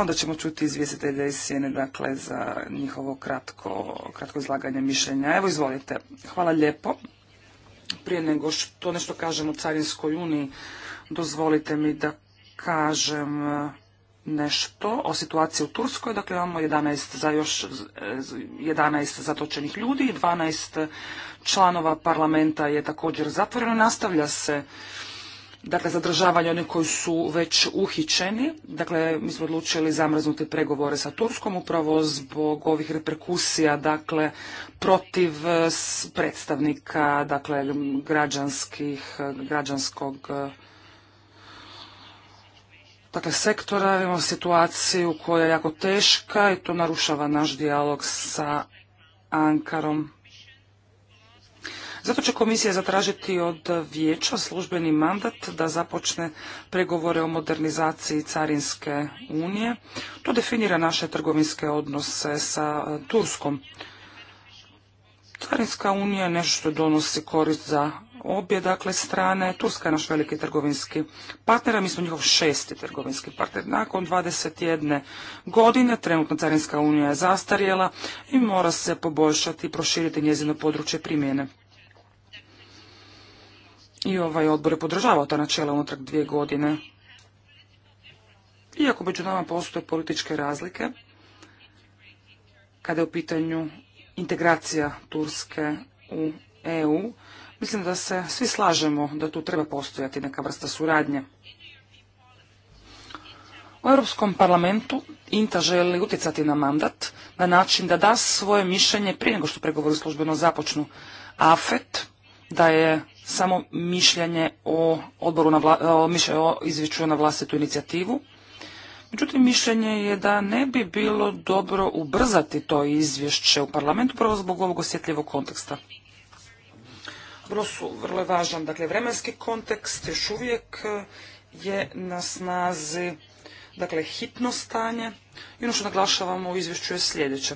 onda ćemo čuti izvjestitelja iz Sjene, dakle, za njihovo kratko, kratko izlaganje mišljenja. Evo, izvolite. Hvala lijepo. Prije nego što nešto kažem o Carinskoj uniji, dozvolite mi da kažem e, nešto o situaciji u Turskoj. Dakle, imamo 11 za još 11 e, zatočenih ljudi i 12 članova parlamenta je također zatvoreno. Nastavlja se dakle zadržavanje onih koji su već uhićeni. Dakle, mi smo odlučili zamrznuti pregovore sa Turskom upravo zbog ovih reperkusija, dakle, protiv eh, predstavnika, dakle, građanskih, eh, građanskog eh, Dakle, sektora imamo situaciju koja je jako teška i to narušava naš dijalog sa Ankarom. Zato će komisija zatražiti od vijeća službeni mandat da započne pregovore o modernizaciji Carinske unije. To definira naše trgovinske odnose sa e, Turskom. Carinska unija je nešto donosi korist za obje dakle strane. Turska je naš veliki trgovinski partner, a mi smo njihov šesti trgovinski partner. Nakon 21 godine trenutno Carinska unija je zastarjela i mora se poboljšati i proširiti njezino područje primjene. I ovaj odbor je podržavao ta načela unatrag dvije godine. Iako među nama postoje političke razlike, kada je u pitanju integracija Turske u EU, mislim da se svi slažemo da tu treba postojati neka vrsta suradnje. U Europskom parlamentu INTA želi utjecati na mandat na način da da svoje mišljenje prije nego što pregovori službeno započnu. AFET da je samo mišljenje o odboru na vla, o, izvješću na vlastitu inicijativu. Međutim, mišljenje je da ne bi bilo dobro ubrzati to izvješće u parlamentu, prvo zbog ovog osjetljivog konteksta. Vrlo, su, vrlo je važan, dakle, vremenski kontekst još uvijek eh, je na snazi, dakle, hitno stanje. I ono što naglašavamo u izvješću je sljedeće.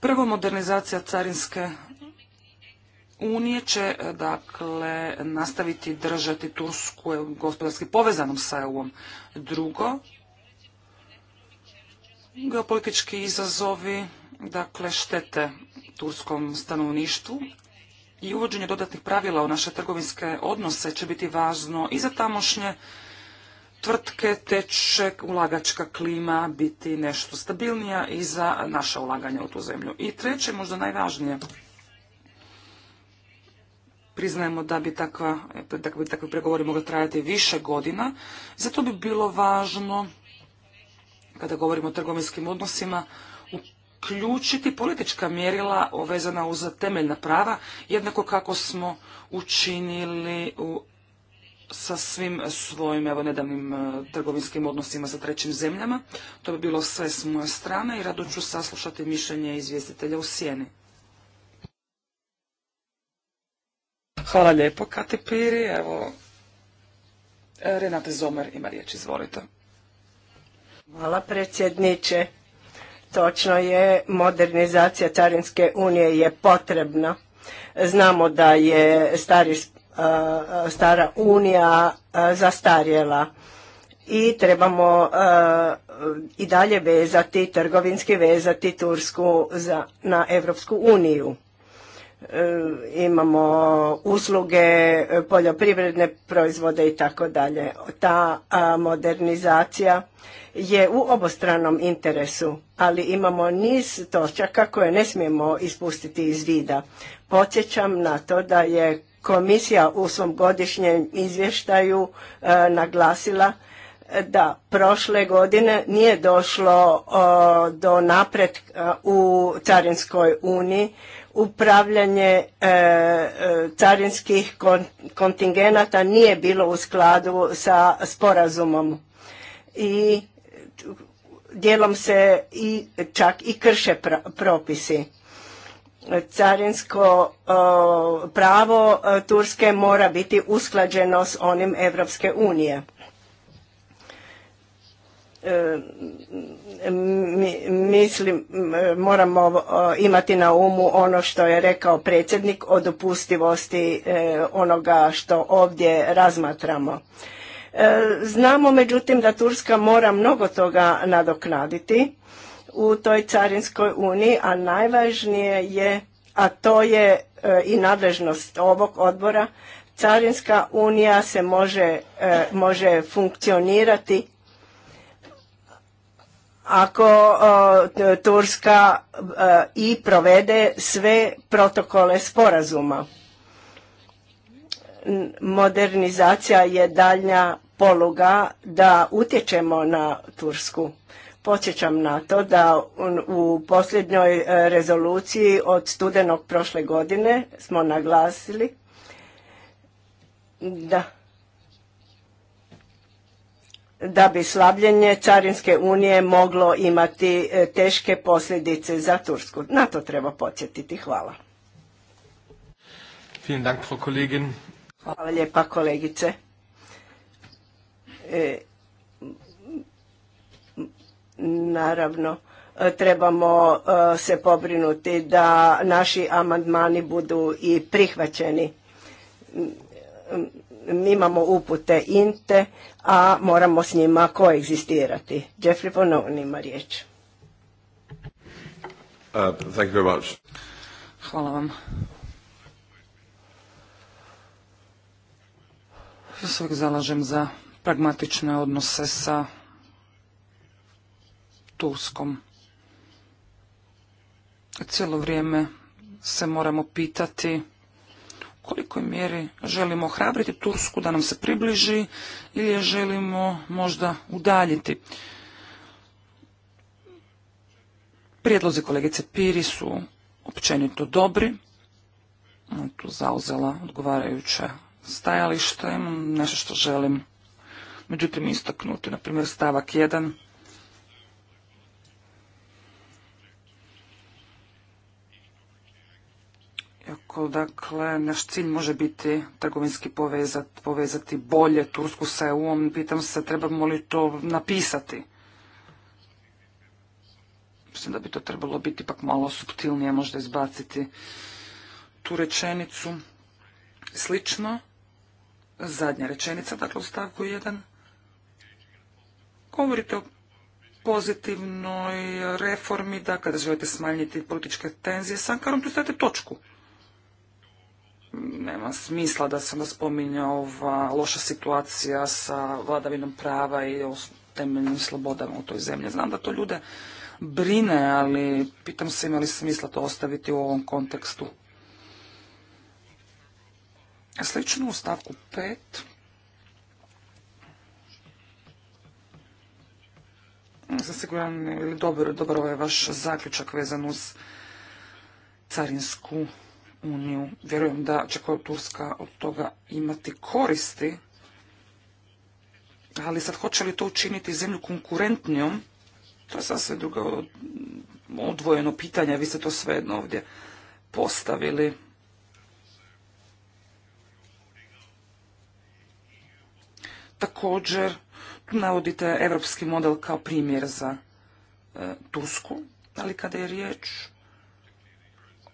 Prvo, modernizacija carinske unije će e, dakle nastaviti držati Tursku e, gospodarski povezanom sa eu Drugo, geopolitički izazovi, dakle štete turskom stanovništvu i uvođenje dodatnih pravila u naše trgovinske odnose će biti važno i za tamošnje tvrtke, te će ulagačka klima biti nešto stabilnija i za naša ulaganja u tu zemlju. I treće, možda najvažnije, Priznajemo da bi, takva, da bi takvi pregovori mogli trajati više godina. Zato bi bilo važno, kada govorimo o trgovinskim odnosima, uključiti politička mjerila vezana uz temeljna prava, jednako kako smo učinili u sa svim svojim evo, nedavnim e, trgovinskim odnosima sa trećim zemljama. To bi bilo sve s moje strane i rado ću saslušati mišljenje izvjestitelja u sjeni. Hvala lijepo, Kati Piri. Evo, Renate Zomer ima riječ, izvolite. Hvala predsjedniče. Točno je, modernizacija Carinske unije je potrebna. Znamo da je stari, stara unija zastarjela i trebamo i dalje vezati, trgovinski vezati Tursku za, na Evropsku uniju. E, imamo usluge, e, poljoprivredne proizvode i tako dalje. Ta modernizacija je u obostranom interesu, ali imamo niz točaka koje ne smijemo ispustiti iz vida. Podsjećam na to da je komisija u svom godišnjem izvještaju e, naglasila da prošle godine nije došlo do napretka u Carinskoj uniji upravljanje e, e, carinskih kontingenata nije bilo u skladu sa sporazumom i dijelom se i čak i krše propisi carinsko pravo e, Turske mora biti usklađeno s onim Evropske unije mislim moramo imati na umu ono što je rekao predsjednik o dopustivosti e, onoga što ovdje razmatramo. E, znamo međutim da Turska mora mnogo toga nadoknaditi u toj carinskoj uniji, a najvažnije je, a to je e, i nadležnost ovog odbora, carinska unija se može, može funkcionirati ako Turska e, i provede sve protokole sporazuma. Modernizacija je daljnja poluga da utječemo na Tursku. Počećam na to da u posljednjoj e, rezoluciji od studenog prošle godine smo naglasili da da bi slabljenje Carinske unije moglo imati e, teške posljedice za Tursku. Na to treba podsjetiti. Hvala. Hvala lijepa kolegice. E, naravno, e, trebamo se pobrinuti da naši amandmani budu i prihvaćeni. Mi imamo upute INTE, a moramo s njima koegzistirati. Jeffrey ponovno ima riječ. Uh, Hvala vam. Ja se uvijek zalažem za pragmatične odnose sa Turskom. Cijelo vrijeme se moramo pitati kolikoj mjeri želimo ohrabriti Tursku da nam se približi ili je želimo možda udaljiti. Prijedlozi kolegice Piri su općenito dobri. Ona tu zauzela odgovarajuće stajalište. Imam nešto što želim međutim istaknuti. Naprimjer stavak 1 Iako, dakle, naš cilj može biti trgovinski povezat, povezati bolje Tursku sa EU-om, pitam se trebamo li to napisati. Mislim da bi to trebalo biti ipak malo subtilnije, možda izbaciti tu rečenicu. Slično, zadnja rečenica, dakle u stavku 1. Govorite o pozitivnoj reformi, da kada želite smanjiti političke tenzije s Ankarom, tu stavite točku nema smisla da se onda spominja ova loša situacija sa vladavinom prava i temeljnim slobodama u toj zemlji. Znam da to ljude brine, ali pitam se ima li smisla to ostaviti u ovom kontekstu. Slično u stavku 5. Sam siguran, ili dobro dobar ovaj vaš zaključak vezan uz carinsku uniju. Vjerujem da će Turska od toga imati koristi, ali sad hoće li to učiniti zemlju konkurentnijom, to je sasvim drugo odvojeno pitanje, vi ste to svejedno ovdje postavili. Također, navodite evropski model kao primjer za e, Tursku, ali kada je riječ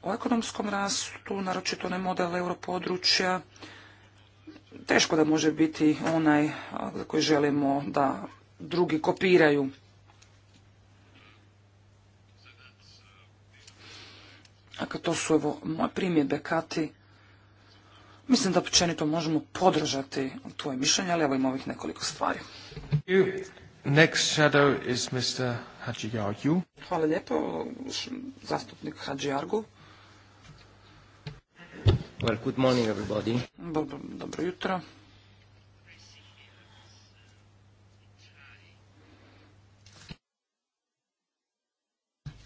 o ekonomskom rastu, naročito ne model europodručja, teško da može biti onaj za koji želimo da drugi kopiraju. Dakle, to su evo moje primjedbe, Kati. Mislim da općenito možemo podržati tvoje mišljenje, ali evo ima ovih nekoliko stvari. Hvala lijepo, zastupnik Hadži Argu. Well, Dobro, jutro.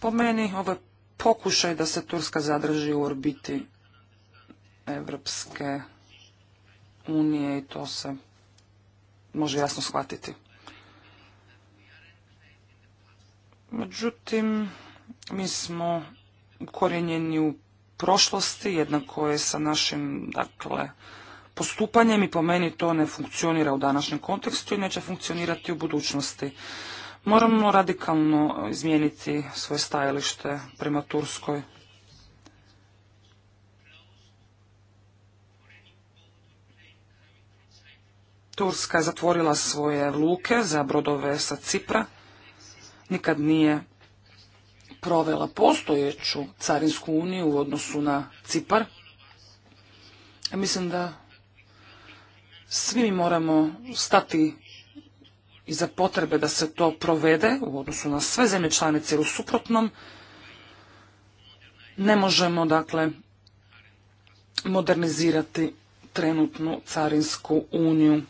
Po meni ovo je pokušaj da se Turska zadrži u orbiti Evropske unije i to se može jasno shvatiti. Međutim, mi smo korjenjeni u prošlosti, jednako je sa našim dakle, postupanjem i po meni to ne funkcionira u današnjem kontekstu i neće funkcionirati u budućnosti. Moramo radikalno izmijeniti svoje stajalište prema Turskoj. Turska je zatvorila svoje luke za brodove sa Cipra. Nikad nije provela postojeću carinsku uniju u odnosu na Cipar. Mislim da svi mi moramo stati i za potrebe da se to provede u odnosu na sve zemlje članice u suprotnom ne možemo dakle modernizirati trenutnu carinsku uniju.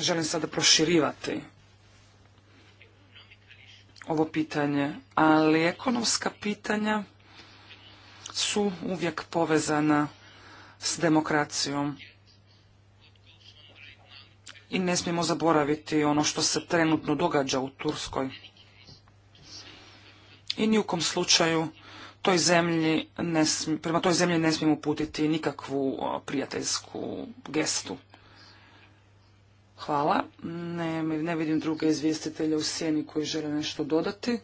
Želim sada proširivati ovo pitanje, ali ekonomska pitanja su uvijek povezana s demokracijom. I ne smijemo zaboraviti ono što se trenutno događa u Turskoj. I ni u kom slučaju toj zemlji ne, prema toj zemlji ne smijemo putiti nikakvu prijateljsku gestu. Hvala. Ne, vidim druge izvjestitelje u sjeni koji žele nešto dodati.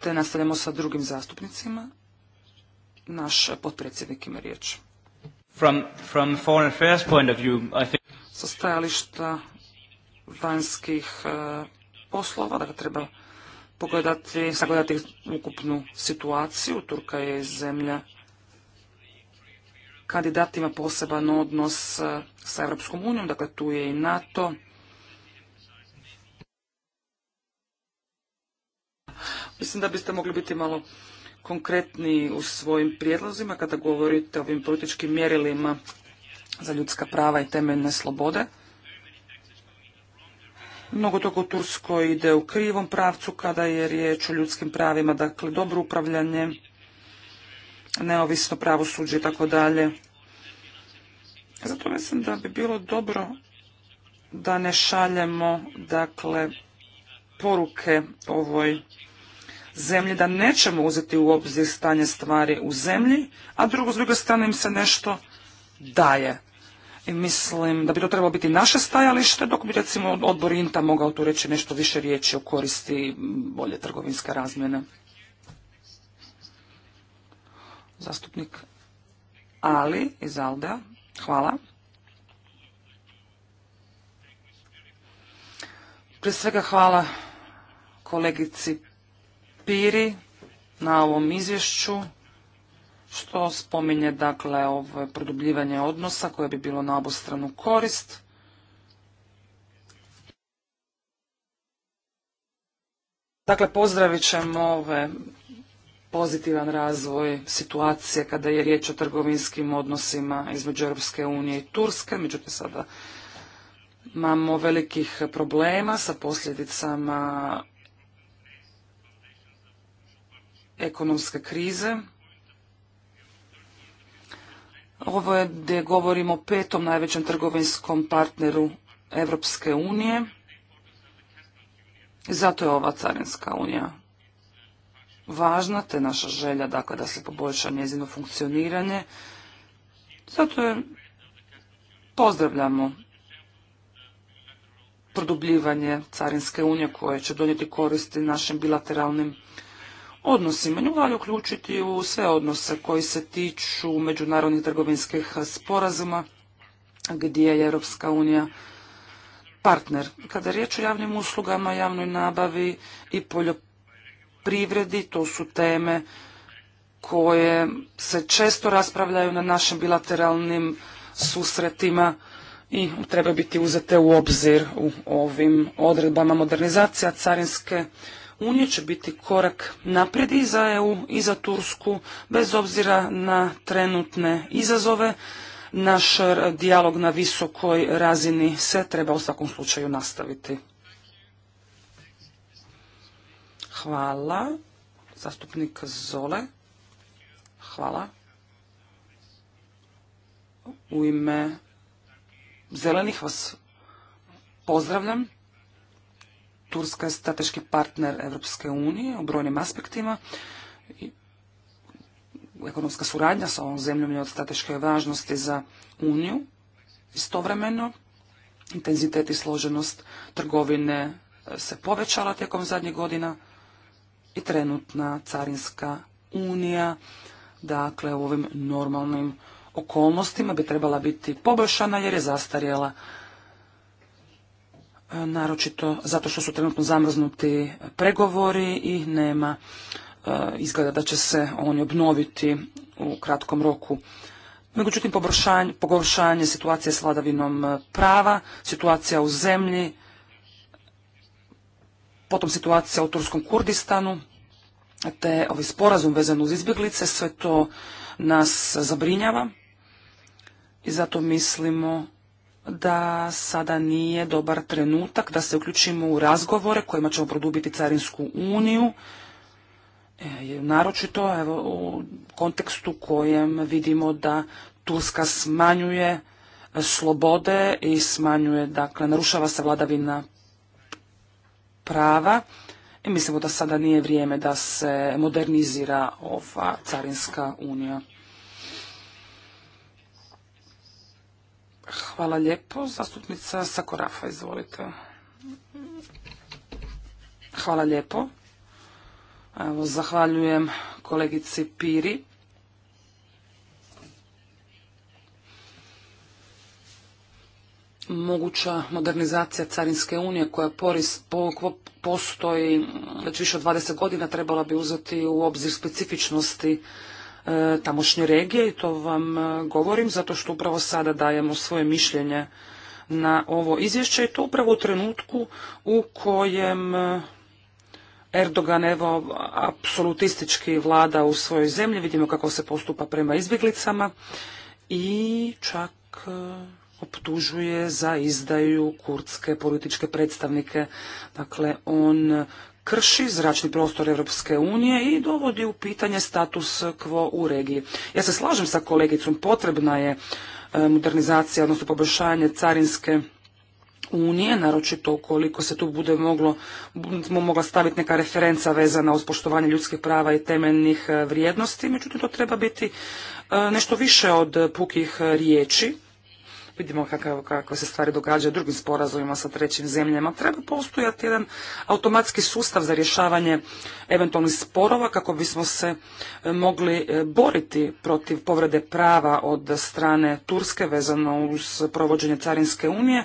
Te nastavljamo sa drugim zastupnicima. Naš potpredsjednik ima riječ. Sa stajališta vanjskih e, poslova, da treba pogledati, sagledati ukupnu situaciju. Turka je zemlja kandidatima poseban odnos e, sa Europskom unijom, dakle tu je i NATO. Mislim da biste mogli biti malo konkretni u svojim prijedlozima kada govorite o ovim političkim mjerilima za ljudska prava i temeljne slobode. Mnogo toga u Turskoj ide u krivom pravcu kada je riječ o ljudskim pravima, dakle dobro upravljanje neovisno pravosuđe i tako dalje. Zato mislim da bi bilo dobro da ne šaljemo dakle poruke ovoj zemlji da nećemo uzeti u obzir stanje stvari u zemlji, a drugo s druge strane im se nešto daje. I mislim da bi to trebalo biti naše stajalište, dok bi recimo odbor INTA mogao tu reći nešto više riječi o koristi bolje trgovinske razmjene. Zastupnik Ali iz Aldea. Hvala. Prije svega hvala kolegici Piri na ovom izvješću što spominje dakle ovo produbljivanje odnosa koje bi bilo na obostranu korist. Dakle, pozdravit ćemo ove pozitivan razvoj situacije kada je riječ o trgovinskim odnosima između Europske unije i Turske, međutim sada imamo velikih problema sa posljedicama ekonomske krize. Ovo je gdje govorimo o petom najvećem trgovinskom partneru Europske unije. I zato je ova carinska unija važna, te naša želja dakle, da se poboljša njezino funkcioniranje. Zato je pozdravljamo produbljivanje Carinske unije koje će donijeti koristi našim bilateralnim odnosima. Nju valja uključiti u sve odnose koji se tiču međunarodnih trgovinskih sporazuma gdje je Europska unija partner. Kada je riječ o javnim uslugama, javnoj nabavi i poljoprivrednosti, privredi, to su teme koje se često raspravljaju na našim bilateralnim susretima i treba biti uzete u obzir u ovim odredbama. Modernizacija carinske unije će biti korak naprijed i za EU i za Tursku, bez obzira na trenutne izazove. Naš dijalog na visokoj razini se treba u svakom slučaju nastaviti. Hvala. Zastupnik Zole. Hvala. U ime zelenih vas pozdravljam. Turska je strateški partner Evropske unije u brojnim aspektima. Ekonomska suradnja sa ovom zemljom je od strateške važnosti za Uniju. Istovremeno, intenzitet i složenost trgovine se povećala tijekom zadnjih godina i trenutna carinska unija, dakle u ovim normalnim okolnostima bi trebala biti poboljšana jer je zastarjela e, naročito zato što su trenutno zamrznuti pregovori i nema e, izgleda da će se oni obnoviti u kratkom roku. Međutim, pogoršanje situacije s vladavinom e, prava, situacija u zemlji potom situacija u Turskom Kurdistanu, te ovaj sporazum vezan uz izbjeglice, sve to nas zabrinjava i zato mislimo da sada nije dobar trenutak da se uključimo u razgovore kojima ćemo produbiti Carinsku uniju, e, naročito evo, u kontekstu kojem vidimo da Turska smanjuje slobode i smanjuje, dakle, narušava se vladavina prava i mislimo da sada nije vrijeme da se modernizira ova carinska unija. Hvala lijepo. Zastupnica Sakorafa, izvolite. Hvala lijepo. zahvaljujem kolegici Piri moguća modernizacija Carinske unije koja poris, postoji već više od 20 godina trebala bi uzeti u obzir specifičnosti e, tamošnje regije i to vam e, govorim zato što upravo sada dajemo svoje mišljenje na ovo izvješće i to upravo u trenutku u kojem e, Erdogan evo apsolutistički vlada u svojoj zemlji, vidimo kako se postupa prema izbjeglicama i čak optužuje za izdaju kurdske političke predstavnike. Dakle, on krši zračni prostor Europske unije i dovodi u pitanje status quo u regiji. Ja se slažem sa kolegicom, potrebna je e, modernizacija, odnosno poboljšanje carinske unije, naročito koliko se tu bude moglo, mogla staviti neka referenca vezana uz poštovanje ljudskih prava i temeljnih e, vrijednosti, međutim to treba biti e, nešto više od pukih riječi vidimo kako, kako se stvari događaju u drugim sporazumima sa trećim zemljama. Treba postojati jedan automatski sustav za rješavanje eventualnih sporova kako bismo se e, mogli e, boriti protiv povrede prava od strane Turske vezano uz provođenje Carinske unije,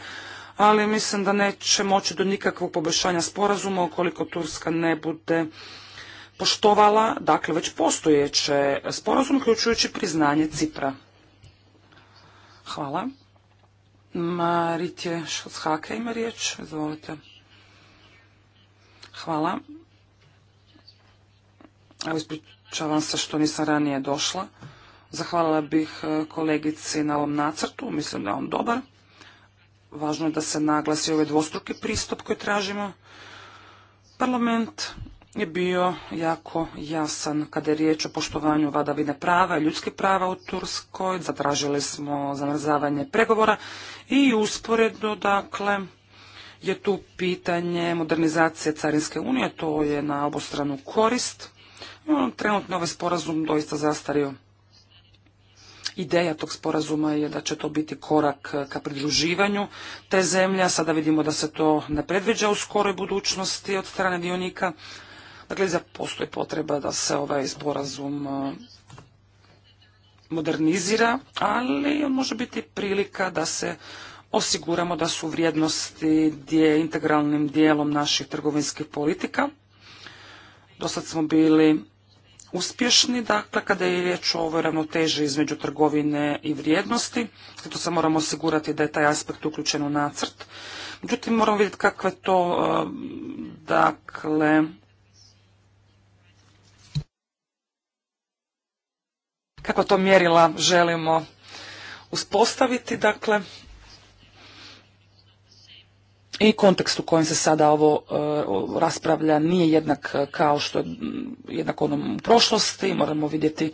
ali mislim da neće moći do nikakvog poboljšanja sporazuma ukoliko Turska ne bude poštovala, dakle, već postojeće sporazum, uključujući priznanje Cipra. Hvala. Maritje Šoshake ima riječ. Izvolite. Hvala. Evo ispričavam se što nisam ranije došla. Zahvalila bih e, kolegici na ovom nacrtu. Mislim da je on dobar. Važno je da se naglasi ovaj dvostruki pristup koji tražimo. Parlament je bio jako jasan kada je riječ o poštovanju vladavine prava i ljudskih prava u Turskoj. Zatražili smo zamrzavanje pregovora i usporedno, dakle, je tu pitanje modernizacije Carinske unije, to je na obostranu korist. Trenutno ovaj sporazum doista zastario. Ideja tog sporazuma je da će to biti korak ka pridruživanju te zemlje. Sada vidimo da se to ne predviđa u skoroj budućnosti od strane dionika. Dakle, za postoji potreba da se ovaj sporazum e, modernizira, ali on može biti prilika da se osiguramo da su vrijednosti gdje integralnim dijelom naših trgovinskih politika. Dosad smo bili uspješni, dakle, kada je riječ o ovoj ravnoteži između trgovine i vrijednosti. Zato se moramo osigurati da je taj aspekt uključen u nacrt. Međutim, moramo vidjeti kakve to, e, dakle, kako to mjerila želimo uspostaviti, dakle, i kontekst u kojem se sada ovo eh, raspravlja nije jednak eh, kao što je mm, jednak onom u prošlosti. Moramo vidjeti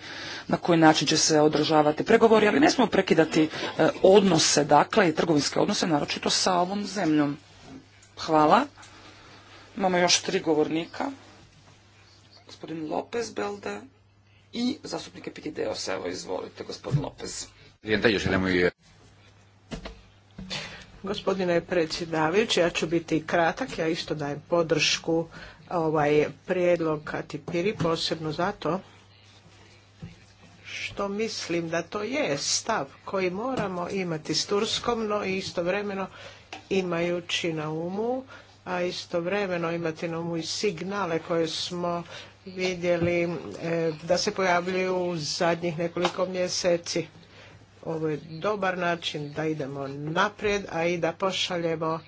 na koji način će se održavati pregovori, ali ne smo prekidati eh, odnose, dakle, i trgovinske odnose, naročito sa ovom zemljom. Hvala. Imamo još tri govornika. Gospodin Lopez Belde, i zastupnik se Evo, izvolite, gospodin Lopez. Gospodine predsjedavajući, ja ću biti kratak, ja isto dajem podršku ovaj prijedlog Katipiri, posebno zato što mislim da to je stav koji moramo imati s Turskom, no i istovremeno imajući na umu, a istovremeno imati na umu i signale koje smo vidjeli e, da se pojavljuju u zadnjih nekoliko mjeseci. Ovo je dobar način da idemo naprijed, a i da pošaljemo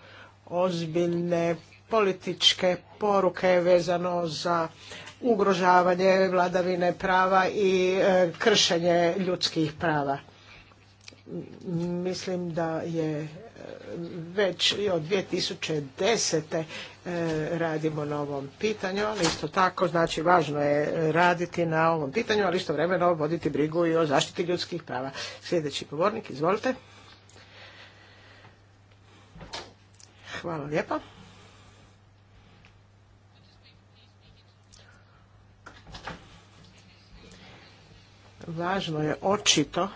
ozbiljne političke poruke vezano za ugrožavanje vladavine prava i e, kršenje ljudskih prava. Mislim da je već od 2010. E, radimo na ovom pitanju, ali isto tako, znači važno je raditi na ovom pitanju, ali isto vremeno voditi brigu i o zaštiti ljudskih prava. Sljedeći govornik, izvolite. Hvala lijepa. Važno je očito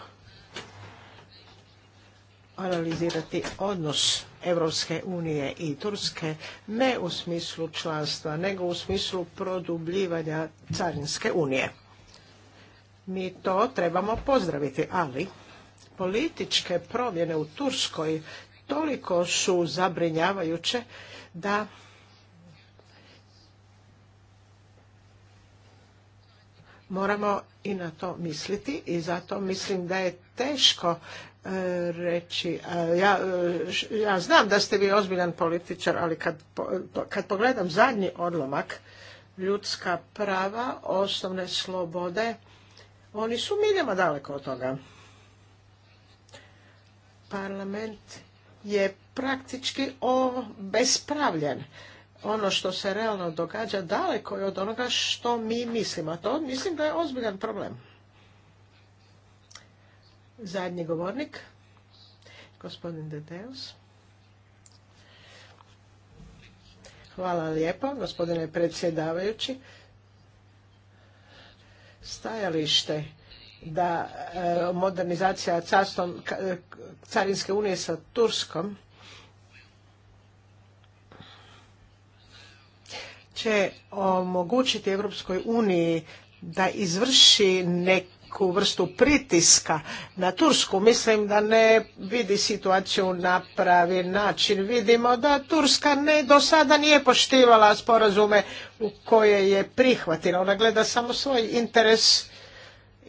analizirati odnos Europske unije i Turske ne u smislu članstva, nego u smislu produbljivanja Carinske unije. Mi to trebamo pozdraviti, ali političke promjene u Turskoj toliko su zabrinjavajuće da moramo i na to misliti i zato mislim da je teško reći. Ja, znam da ste vi ozbiljan političar, ali kad, pogledam zadnji odlomak, ljudska prava, osnovne slobode, oni su miljama daleko od toga. Parlament je praktički obespravljen. Ono što se realno događa daleko je od onoga što mi mislimo. A to mislim da je ozbiljan problem zadnji govornik, gospodin Deteus. Hvala lijepo, gospodine predsjedavajući. Stajalište da e, modernizacija Carinske unije sa Turskom će omogućiti Europskoj uniji da izvrši neke neku vrstu pritiska na Tursku. Mislim da ne vidi situaciju na pravi način. Vidimo da Turska ne, do sada nije poštivala sporazume u koje je prihvatila. Ona gleda samo svoj interes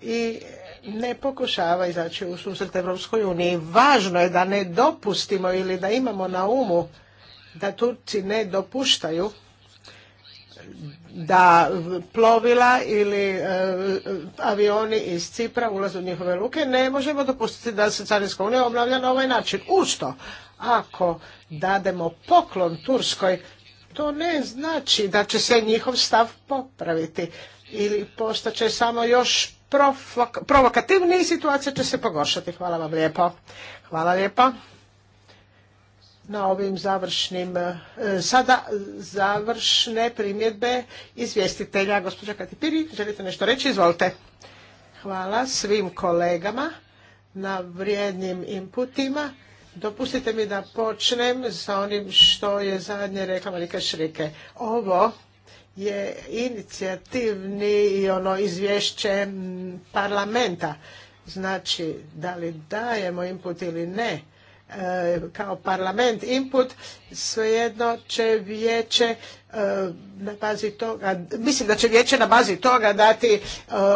i ne pokušava izaći u susret Evropskoj uniji. Važno je da ne dopustimo ili da imamo na umu da Turci ne dopuštaju da plovila ili e, avioni iz Cipra ulaze u njihove luke, ne možemo dopustiti da se Carinska unija obnavlja na ovaj način. Usto, ako dademo poklon Turskoj, to ne znači da će se njihov stav popraviti ili postaće samo još provokativniji situacija će se pogoršati. Hvala vam lijepo. Hvala lijepo na ovim završnim, e, sada završne primjedbe izvjestitelja. Gospođa Katipiri, želite nešto reći? Izvolite. Hvala svim kolegama na vrijednim inputima. Dopustite mi da počnem sa onim što je zadnje rekla Marika Šrike. Ovo je inicijativni i ono izvješće parlamenta. Znači, da li dajemo input ili ne, E, kao parlament input, svejedno će vijeće E, na bazi toga, mislim da će vijeće na bazi toga dati e,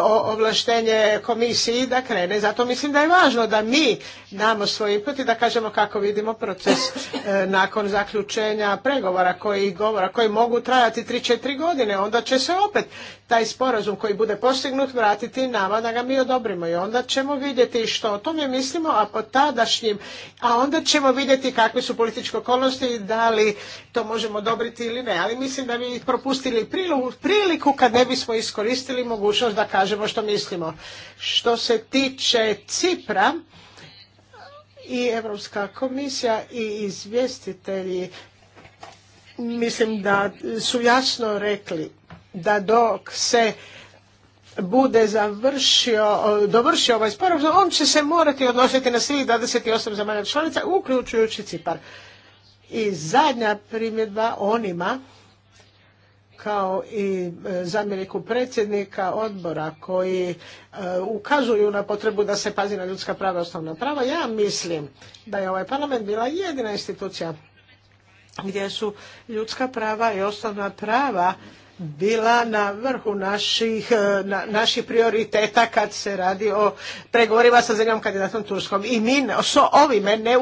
ovlaštenje komisiji da krene. Zato mislim da je važno da mi damo svoj input i da kažemo kako vidimo proces e, nakon zaključenja pregovora koji govora koji mogu trajati 3-4 godine. Onda će se opet taj sporazum koji bude postignut vratiti nama da ga mi odobrimo i onda ćemo vidjeti što o tome mislimo, a po tadašnjim, a onda ćemo vidjeti kakve su političke okolnosti i da li to možemo odobriti ili ne. Ali mislim da bi propustili priliku kad ne bismo iskoristili mogućnost da kažemo što mislimo. Što se tiče Cipra i Europska komisija i izvjestitelji, mislim da su jasno rekli da dok se bude završio, dovršio ovaj sporazum, on će se morati odnositi na svih 28 zemalja članica, uključujući Cipar. I zadnja primjedba onima kao i e, zamjeniku predsjednika odbora koji e, ukazuju na potrebu da se pazi na ljudska prava i osnovna prava. Ja mislim da je ovaj parlament bila jedina institucija gdje su ljudska prava i osnovna prava bila na vrhu naših, e, na, naših prioriteta kad se radi o pregovorima sa zemljom kandidatom Turskom. I mi s ovime ne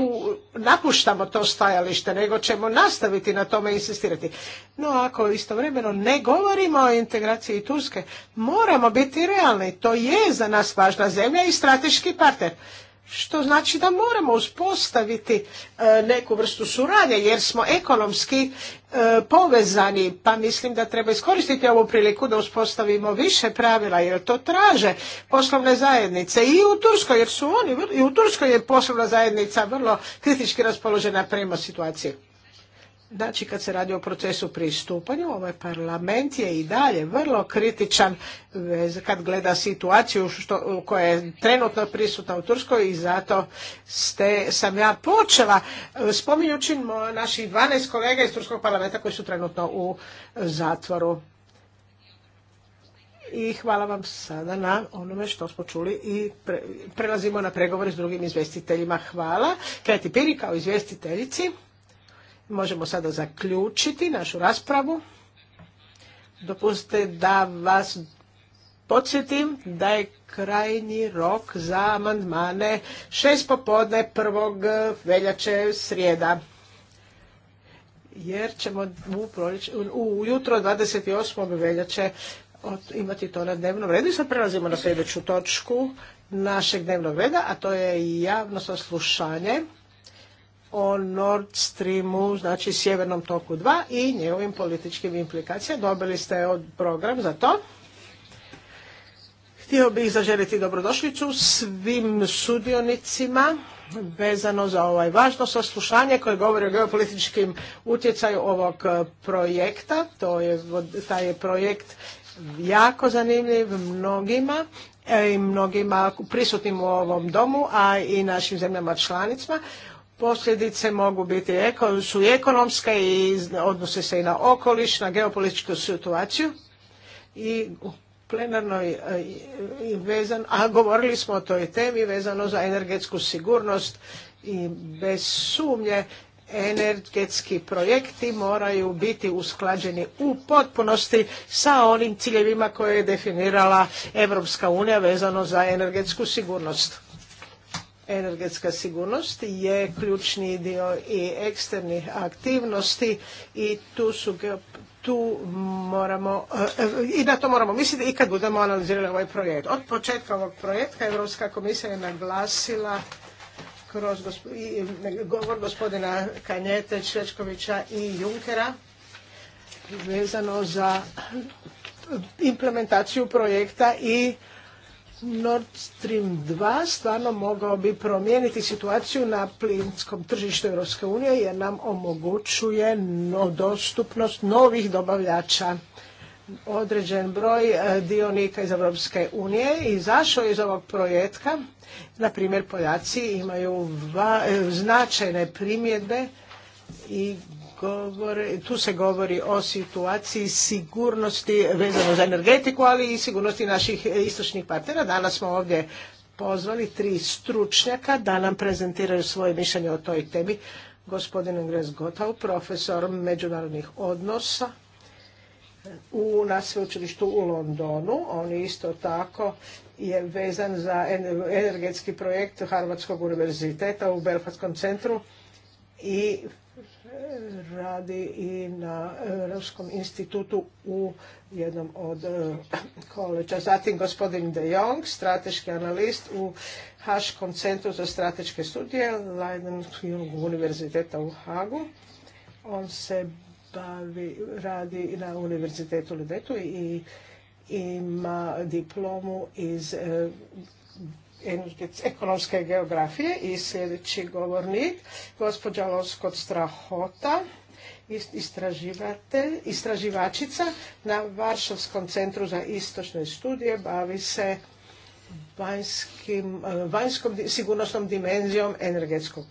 napuštamo to stajalište, nego ćemo nastaviti na tome insistirati. No ako istovremeno ne govorimo o integraciji Turske, moramo biti realni. To je za nas važna zemlja i strateški partner što znači da moramo uspostaviti e, neku vrstu suradnje jer smo ekonomski e, povezani pa mislim da treba iskoristiti ovu priliku da uspostavimo više pravila jer to traže poslovne zajednice i u Turskoj jer su oni i u Turskoj je poslovna zajednica vrlo kritički raspoložena prema situaciji. Znači kad se radi o procesu pristupanja, ovaj parlament je i dalje vrlo kritičan kad gleda situaciju što, koja je trenutno prisutna u Turskoj i zato ste, sam ja počela e, spominjući naših 12 kolega iz Turskog parlamenta koji su trenutno u zatvoru. I hvala vam sada na onome što smo čuli i prelazimo na pregovore s drugim izvjestiteljima. Hvala. Kreti Piri kao izvjestiteljici. Možemo sada zaključiti našu raspravu. Dopustite da vas podsjetim da je krajnji rok za amandmane šest popodne 1. veljače srijeda. Jer ćemo u, dvadeset u, jutro 28. veljače imati to na dnevnom redu. I sad prelazimo na sljedeću točku našeg dnevnog reda, a to je javno saslušanje o Nord Streamu, znači Sjevernom toku 2 i njegovim političkim implikacijama. Dobili ste od program za to. Htio bih zaželiti dobrodošlicu svim sudionicima vezano za ovaj važno saslušanje koje govori o geopolitičkim utjecaju ovog e, projekta. To je, taj je projekt jako zanimljiv mnogima e, i mnogima prisutnim u ovom domu, a i našim zemljama članicama. Posljedice mogu biti su i ekonomske i odnose se i na okoliš, na geopolitičku situaciju i u plenarnoj e, vezan, a govorili smo o toj temi vezano za energetsku sigurnost i bez sumnje energetski projekti moraju biti usklađeni u potpunosti sa onim ciljevima koje je definirala Europska unija vezano za energetsku sigurnost energetska sigurnost je ključni dio i eksternih aktivnosti i tu su tu moramo eh, i na to moramo misliti i kad budemo analizirali ovaj projekt. Od početka ovog projekta Europska komisija je naglasila kroz govor gospodina Kanjete, Švečkovića i Junkera vezano za implementaciju projekta i Nord Stream 2 stvarno mogao bi promijeniti situaciju na plinskom tržištu Europske unije jer nam omogućuje dostupnost novih dobavljača određen broj e, dionika iz Europske unije izašao iz ovog projekta. Na primjer, Poljaci imaju e, značajne primjedbe i govore, tu se govori o situaciji sigurnosti vezano za energetiku, ali i sigurnosti naših istočnih partnera. Danas smo ovdje pozvali tri stručnjaka da nam prezentiraju svoje mišljenje o toj temi. Gospodin Ingres Gotau, profesor međunarodnih odnosa u, na sveučilištu u Londonu. On je isto tako je vezan za energetski projekt Hrvatskog univerziteta u Belfatskom centru i radi i na Europskom institutu u jednom od eh, koleđa. Zatim gospodin De Jong, strateški analist u Haškom centru za strateške studije Leiden univerziteta u Hagu. On se bavi, radi na univerzitetu Ludetu i ima diplomu iz eh, ekonomske geografije i sljedeći govornik, gospođa Loskot Strahota, istraživačica na Varšavskom centru za istočne studije, bavi se e, vanjskom sigurnosnom dimenzijom energetskog,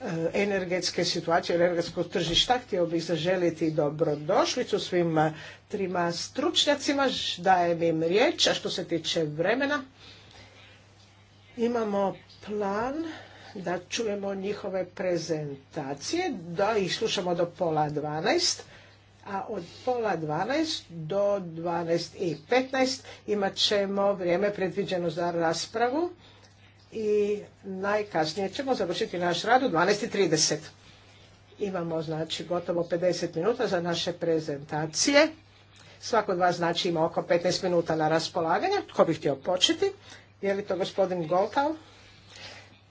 e, energetske situacije, energetskog tržišta. Htio bih zaželiti dobrodošlicu svim trima stručnjacima. Dajem im riječ, a što se tiče vremena, Imamo plan da čujemo njihove prezentacije, da ih slušamo do pola dvanaest, a od pola dvanaest do dvanaest i petnaest imat ćemo vrijeme predviđeno za raspravu i najkasnije ćemo završiti naš rad u i trideset. Imamo znači gotovo 50 minuta za naše prezentacije. Svako od vas znači ima oko 15 minuta na raspolaganje. Tko bi htio početi? Je li to gospodin Goltal?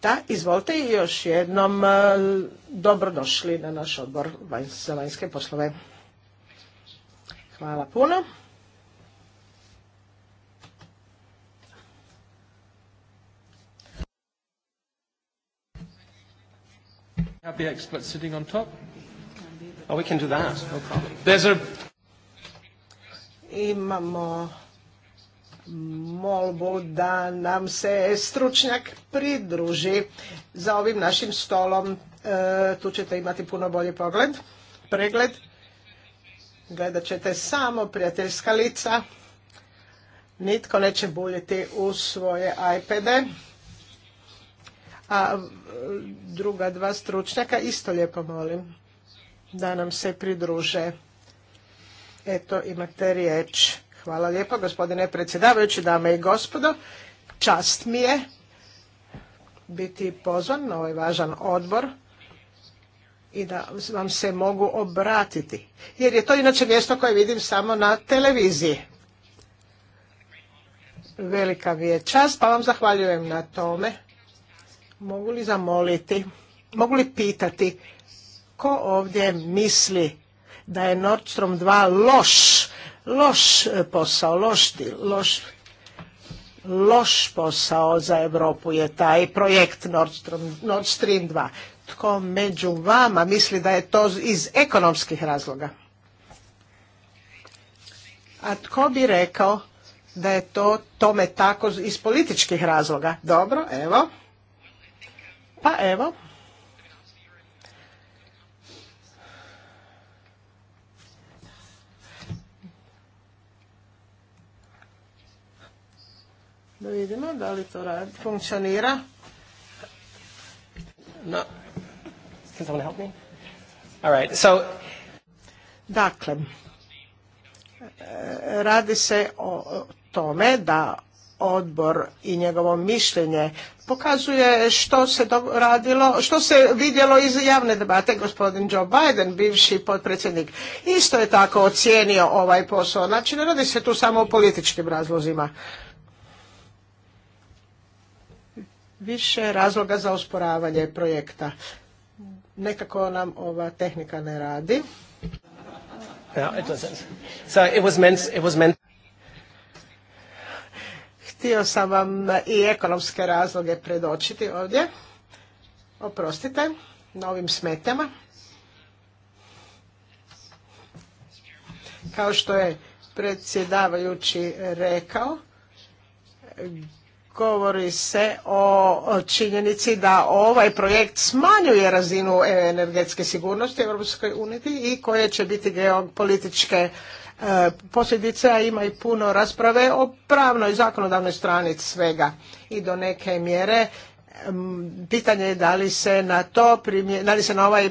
Da, izvolite i još jednom e, dobrodošli na naš odbor za vanjske poslove. Hvala puno. Have expert sitting Imamo molbu da nam se stručnjak pridruži za ovim našim stolom. E, tu ćete imati puno bolji pogled, pregled. Gledat ćete samo prijateljska lica. Nitko neće buljiti u svoje iPade. A e, druga dva stručnjaka isto lijepo molim da nam se pridruže. Eto, imate riječ. Hvala lijepo gospodine predsjedavajući, dame i gospodo. Čast mi je biti pozvan na ovaj važan odbor i da vam se mogu obratiti. Jer je to inače mjesto koje vidim samo na televiziji. Velika mi je čast, pa vam zahvaljujem na tome. Mogu li zamoliti, mogu li pitati ko ovdje misli da je Nordstrom 2 loš loš posao, loš, loš, loš posao za Europu je taj projekt Nord Stream, Nord Stream 2. Tko među vama misli da je to iz ekonomskih razloga? A tko bi rekao da je to tome tako iz političkih razloga? Dobro, evo. Pa evo. Da vidimo da li to radi, funkcionira. No. Can someone help me? All right. So... Dakle, e, radi se o tome da odbor i njegovo mišljenje pokazuje što se radilo, što se vidjelo iz javne debate gospodin Joe Biden, bivši potpredsjednik, isto je tako ocijenio ovaj posao. Znači ne radi se tu samo o političkim razlozima. više razloga za osporavanje projekta. Nekako nam ova tehnika ne radi. Htio sam vam i ekonomske razloge predočiti ovdje. Oprostite na ovim smetama. Kao što je predsjedavajući rekao, govori se o činjenici da ovaj projekt smanjuje razinu energetske sigurnosti Europskoj uniji i koje će biti geopolitičke e, posljedice, a ima i puno rasprave o pravnoj zakonodavnoj strani svega i do neke mjere pitanje je da li se na to da li se na ovaj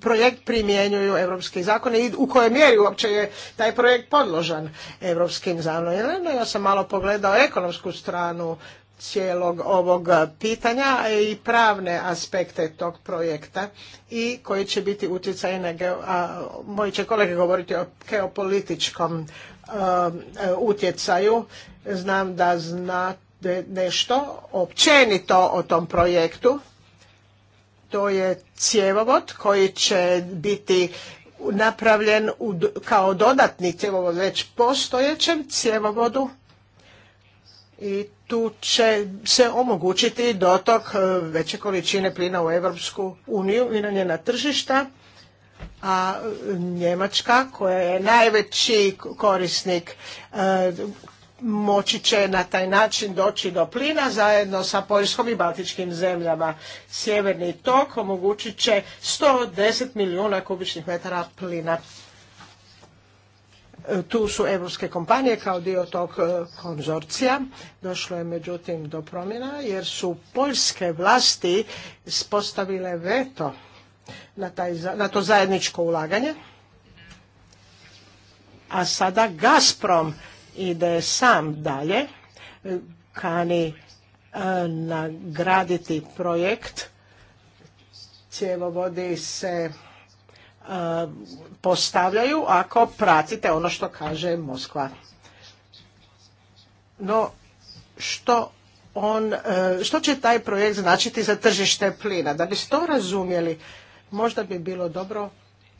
projekt primjenjuju europski zakoni i u kojoj mjeri uopće je taj projekt podložan europskim zakonima. Ja sam malo pogledao ekonomsku stranu cijelog ovog pitanja i pravne aspekte tog projekta i koji će biti utjecaj na moji će kolege govoriti o geopolitičkom utjecaju. Znam da znate nešto općenito o tom projektu. To je cjevovod koji će biti napravljen kao dodatni cjevovod već postojećem cjevovodu i tu će se omogućiti dotok e, veće količine plina u Europsku uniju i na njena tržišta, a e, Njemačka koja je najveći korisnik e, moći će na taj način doći do plina zajedno sa Poljskom i Baltičkim zemljama. Sjeverni tok omogućit će 110 milijuna kubičnih metara plina. E, tu su evropske kompanije kao dio tog e, konzorcija. Došlo je međutim do promjena jer su poljske vlasti spostavile veto na, na to zajedničko ulaganje. A sada Gazprom ide sam dalje, e, kani e, nagraditi projekt, vodi se e, postavljaju ako pratite ono što kaže Moskva. No, što on, što će taj projekt značiti za tržište plina? Da biste to razumjeli, možda bi bilo dobro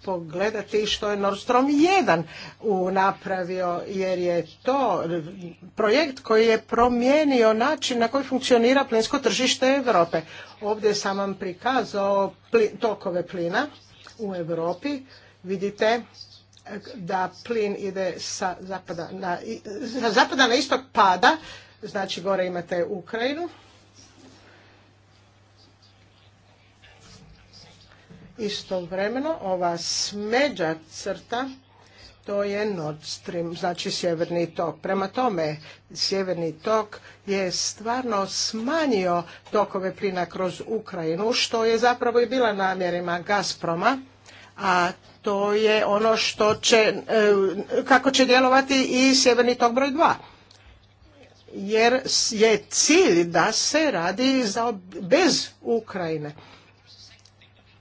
pogledati što je Nordstrom 1 napravio, jer je to projekt koji je promijenio način na koji funkcionira plinsko tržište Europe. Ovdje sam vam prikazao tokove plina u Europi. Vidite da plin ide sa zapada na, sa zapada na istok pada, znači gore imate Ukrajinu, Istovremeno ova smeđa crta to je Nord Stream, znači sjeverni tok. Prema tome, sjeverni tok je stvarno smanjio tokove plina kroz Ukrajinu, što je zapravo i bila namjerima Gazproma, a to je ono što će, e, kako će djelovati i sjeverni tok broj 2 jer je cilj da se radi bez Ukrajine.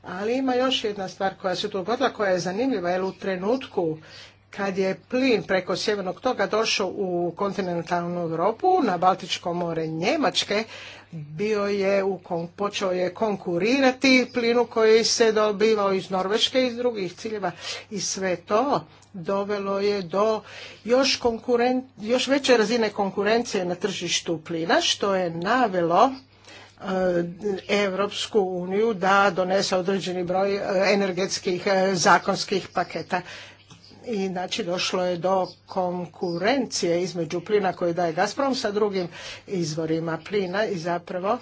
Ali ima još jedna stvar koja se dogodila, koja je zanimljiva, jer u trenutku kad je plin preko sjevernog toga došao u kontinentalnu Europu, na Baltičko more Njemačke, bio je u, počeo je konkurirati plinu koji se dobivao iz Norveške i iz drugih ciljeva. I sve to dovelo je do još, još veće razine konkurencije na tržištu plina, što je navelo Eh, Europsku uniju da donese određeni broj eh, energetskih eh, zakonskih paketa. I znači došlo je do konkurencije između plina koji daje Gazprom sa drugim izvorima plina i zapravo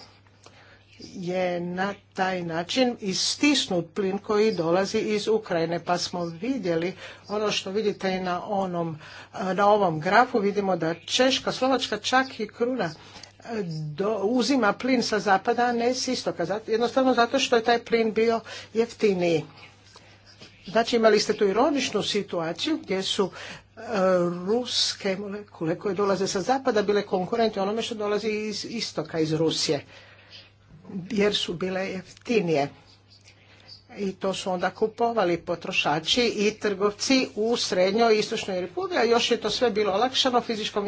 je na taj način istisnut plin koji dolazi iz Ukrajine. Pa smo vidjeli ono što vidite i na, onom, na ovom grafu, vidimo da Češka, Slovačka, čak i Kruna do, uzima plin sa zapada, a ne s istoka. Jednostavno zato što je taj plin bio jeftiniji. Znači imali ste tu ironičnu situaciju gdje su e, ruske molekule koje dolaze sa zapada bile konkurente onome što dolazi iz istoka, iz Rusije, jer su bile jeftinije i to su onda kupovali potrošači i trgovci u srednjoj i istočnoj republiki, a još je to sve bilo olakšano fizičkom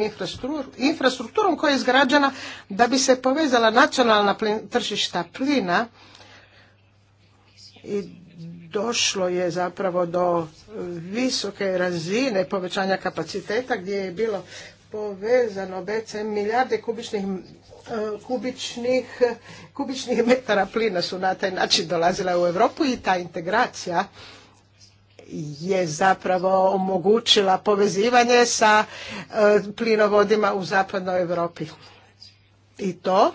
infrastrukturom koja je izgrađena da bi se povezala nacionalna tržišta plina i došlo je zapravo do visoke razine povećanja kapaciteta gdje je bilo povezano BCM milijarde kubičnih Eh, kubičnih, kubičnih metara plina su na taj način dolazila u Europu i ta integracija je zapravo omogućila povezivanje sa eh, plinovodima u zapadnoj Europi. I to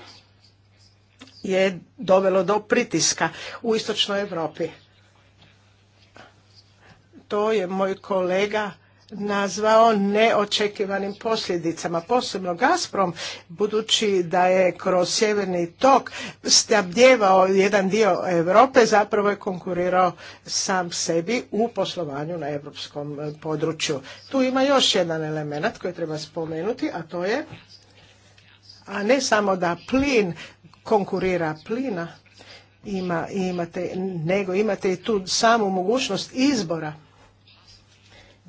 je dovelo do pritiska u istočnoj Europi. To je moj kolega nazvao neočekivanim posljedicama. Posebno Gazprom, budući da je kroz sjeverni tok stabljevao jedan dio Europe, zapravo je konkurirao sam sebi u poslovanju na europskom području. Tu ima još jedan element koji treba spomenuti, a to je a ne samo da plin konkurira plina, imate, nego imate i tu samu mogućnost izbora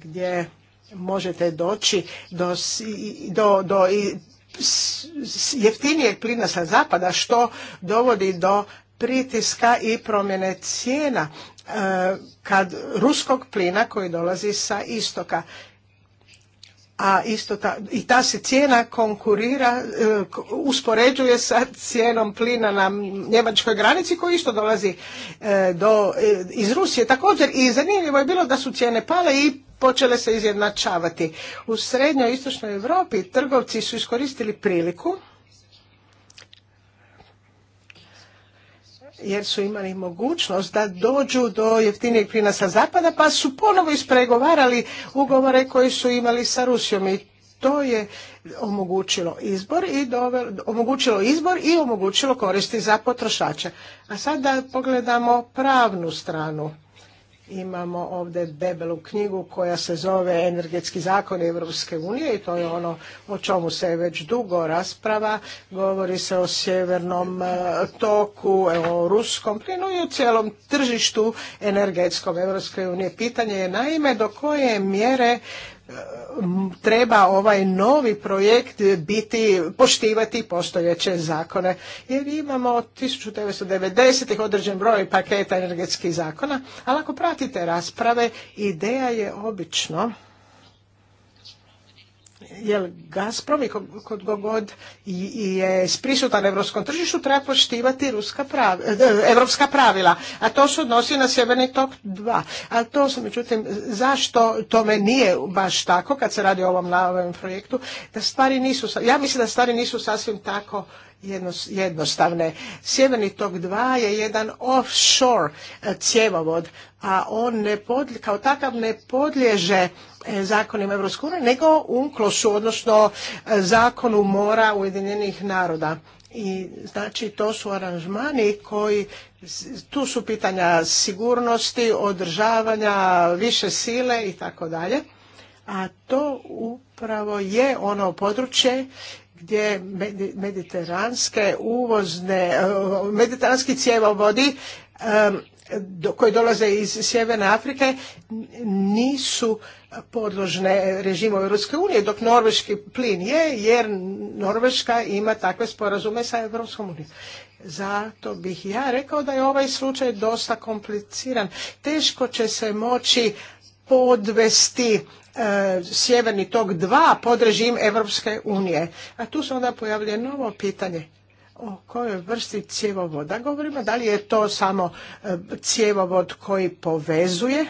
gdje možete doći do, do, do jeftinijeg plina sa zapada što dovodi do pritiska i promjene cijena e, kad ruskog plina koji dolazi sa istoka a i ta se cijena konkurira, e, uspoređuje sa cijenom plina na njemačkoj granici koji isto dolazi e, do, iz Rusije. Također i zanimljivo je bilo da su cijene pale i počele se izjednačavati. U srednjoj i istočnoj Europi trgovci su iskoristili priliku jer su imali mogućnost da dođu do jeftinijeg plina sa zapada pa su ponovo ispregovarali ugovore koji su imali sa Rusijom i to je omogućilo izbor i omogućilo izbor i omogućilo koristi za potrošače. A sada pogledamo pravnu stranu imamo ovdje debelu knjigu koja se zove Energetski zakon Europske unije i to je ono o čemu se već dugo rasprava. Govori se o sjevernom e, toku, e, o ruskom plinu i o cijelom tržištu energetskom Europske unije. Pitanje je naime do koje mjere treba ovaj novi projekt biti, poštivati postojeće zakone. Jer imamo od 1990. određen broj paketa energetskih zakona, ali ako pratite rasprave, ideja je obično jer Gazprom i kod god je prisutan evropskom tržištu treba poštivati ruska pravila, eh, evropska pravila, a to se odnosi na Sjeverni tok 2. A to se međutim, zašto tome nije baš tako kad se radi o ovom, projektu, da stvari nisu, ja mislim da stvari nisu sasvim tako jednostavne. Sjeverni tok 2 je jedan offshore e, cjevovod, a on ne podlje, kao takav ne podliježe e, zakonima EU, nego unklosu, odnosno e, zakonu mora Ujedinjenih naroda. I znači to su aranžmani koji, tu su pitanja sigurnosti, održavanja, više sile i tako dalje. A to upravo je ono područje gdje mediteranske uvozne, eh, mediteranski cjevovodi koji dolaze iz Sjeverne Afrike nisu podložne režimu Europske unije, dok norveški plin je, jer Norveška ima takve sporazume sa Europskom unijom. Zato bih ja rekao da je ovaj slučaj dosta kompliciran. Teško će se moći podvesti E, sjeverni tok 2 pod režim Evropske unije. A tu se onda pojavljuje novo pitanje o kojoj vrsti cjevovoda govorimo, da li je to samo e, cjevovod koji povezuje,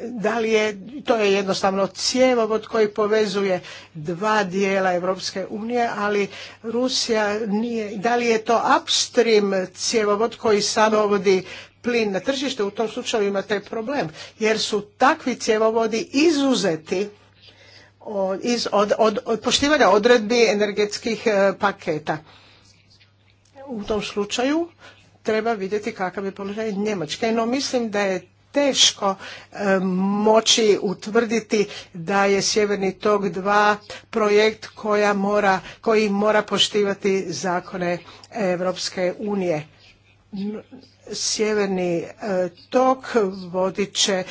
da li je, to je jednostavno cjevovod koji povezuje dva dijela Evropske unije, ali Rusija nije, da li je to upstream cjevovod koji samo vodi plin na tržište, u tom slučaju imate problem. Jer su takvi cjevovodi izuzeti od, poštivanja odredbi energetskih e, paketa. U tom slučaju treba vidjeti kakav je položaj Njemačke. No mislim da je teško e, moći utvrditi da je Sjeverni tok 2 projekt koja mora, koji mora poštivati zakone Europske unije sjeverni e, tok vodit će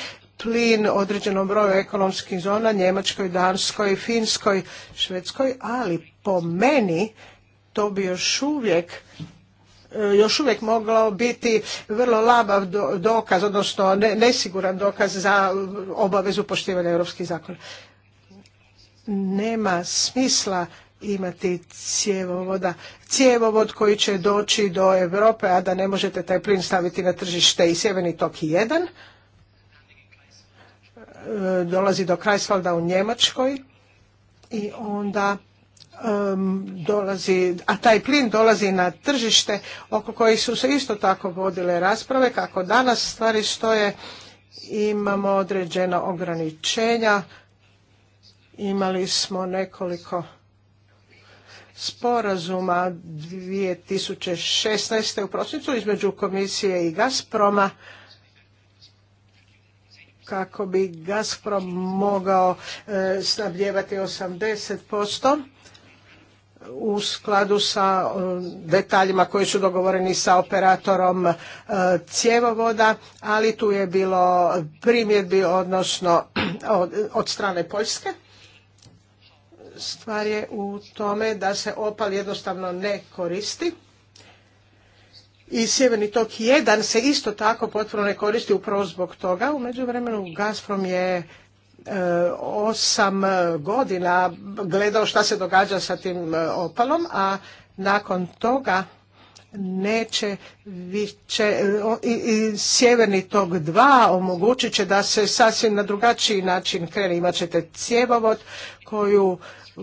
plin određenom broju ekonomskih zona, Njemačkoj, Danskoj, Finskoj, Švedskoj, ali po meni to bi još uvijek e, još uvijek moglo biti vrlo labav dokaz, odnosno nesiguran dokaz za obavezu poštivanja europskih zakona. Nema smisla imati cjevovoda, cjevovod koji će doći do Europe, a da ne možete taj plin staviti na tržište i Sjeveni tok 1 e, dolazi do Krajsvalda u Njemačkoj i onda dolazi, a taj plin dolazi na tržište oko kojih su se isto tako vodile rasprave kako danas stvari stoje imamo određena ograničenja imali smo nekoliko sporazuma 2016. u prosincu između komisije i Gazproma kako bi Gazprom mogao e, snabljevati 80% u skladu sa e, detaljima koji su dogovoreni sa operatorom e, cjevovoda, ali tu je bilo primjedbi odnosno od strane Poljske Stvar je u tome da se opal jednostavno ne koristi. I Sjeverni tok 1 se isto tako potpuno ne koristi upravo zbog toga. U međuvremenu Gazprom je e, osam e, godina gledao šta se događa sa tim e, opalom, a nakon toga neće i, sjeverni tok dva omogućit će da se sasvim na drugačiji način krene. Imaćete cjevovod koju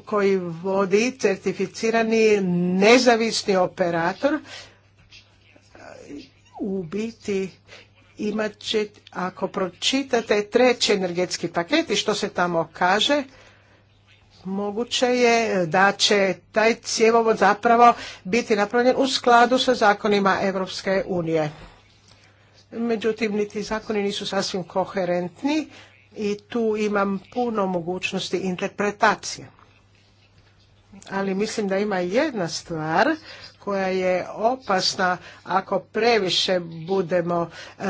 koji vodi certificirani nezavisni operator u biti imat će, ako pročitate treći energetski paket i što se tamo kaže, moguće je da će taj cjevovod zapravo biti napravljen u skladu sa zakonima Europske unije. Međutim, niti zakoni nisu sasvim koherentni i tu imam puno mogućnosti interpretacije ali mislim da ima jedna stvar koja je opasna ako previše budemo e,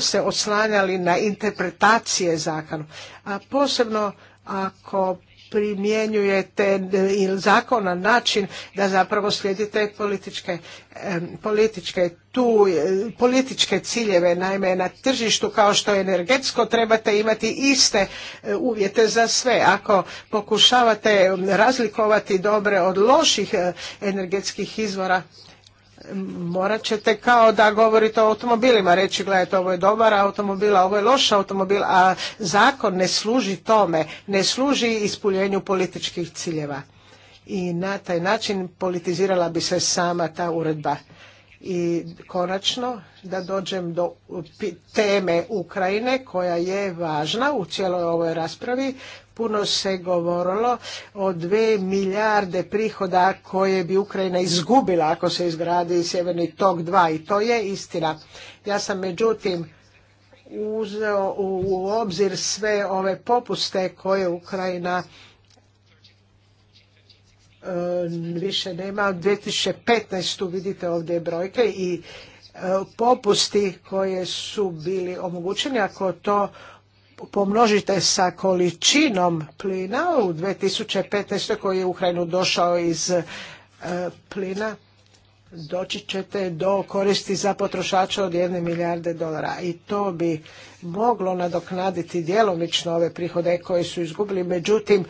se oslanjali na interpretacije zakona, a posebno ako primjenjujete zakon na način da zapravo slijedite političke, političke, tu, e, političke ciljeve. Naime, na tržištu kao što je energetsko trebate imati iste e, uvjete za sve. Ako pokušavate razlikovati dobre od loših e, energetskih izvora, morat ćete kao da govorite o automobilima reći gledajte ovo je dobar automobil, a ovo je loš automobil, a zakon ne služi tome, ne služi ispunjenju političkih ciljeva. I na taj način politizirala bi se sama ta uredba. I konačno da dođem do teme Ukrajine koja je važna u cijeloj ovoj raspravi. Puno se govorilo o dve milijarde prihoda koje bi Ukrajina izgubila ako se izgradi Sjeverni tok 2 i to je istina. Ja sam međutim uzeo u obzir sve ove popuste koje Ukrajina E, više nema. 2015. vidite ovdje brojke i e, popusti koje su bili omogućeni, ako to pomnožite sa količinom plina u 2015. koji je u Ukrajinu došao iz e, plina, doći ćete do koristi za potrošača od jedne milijarde dolara i to bi moglo nadoknaditi djelomično ove prihode koje su izgubili, međutim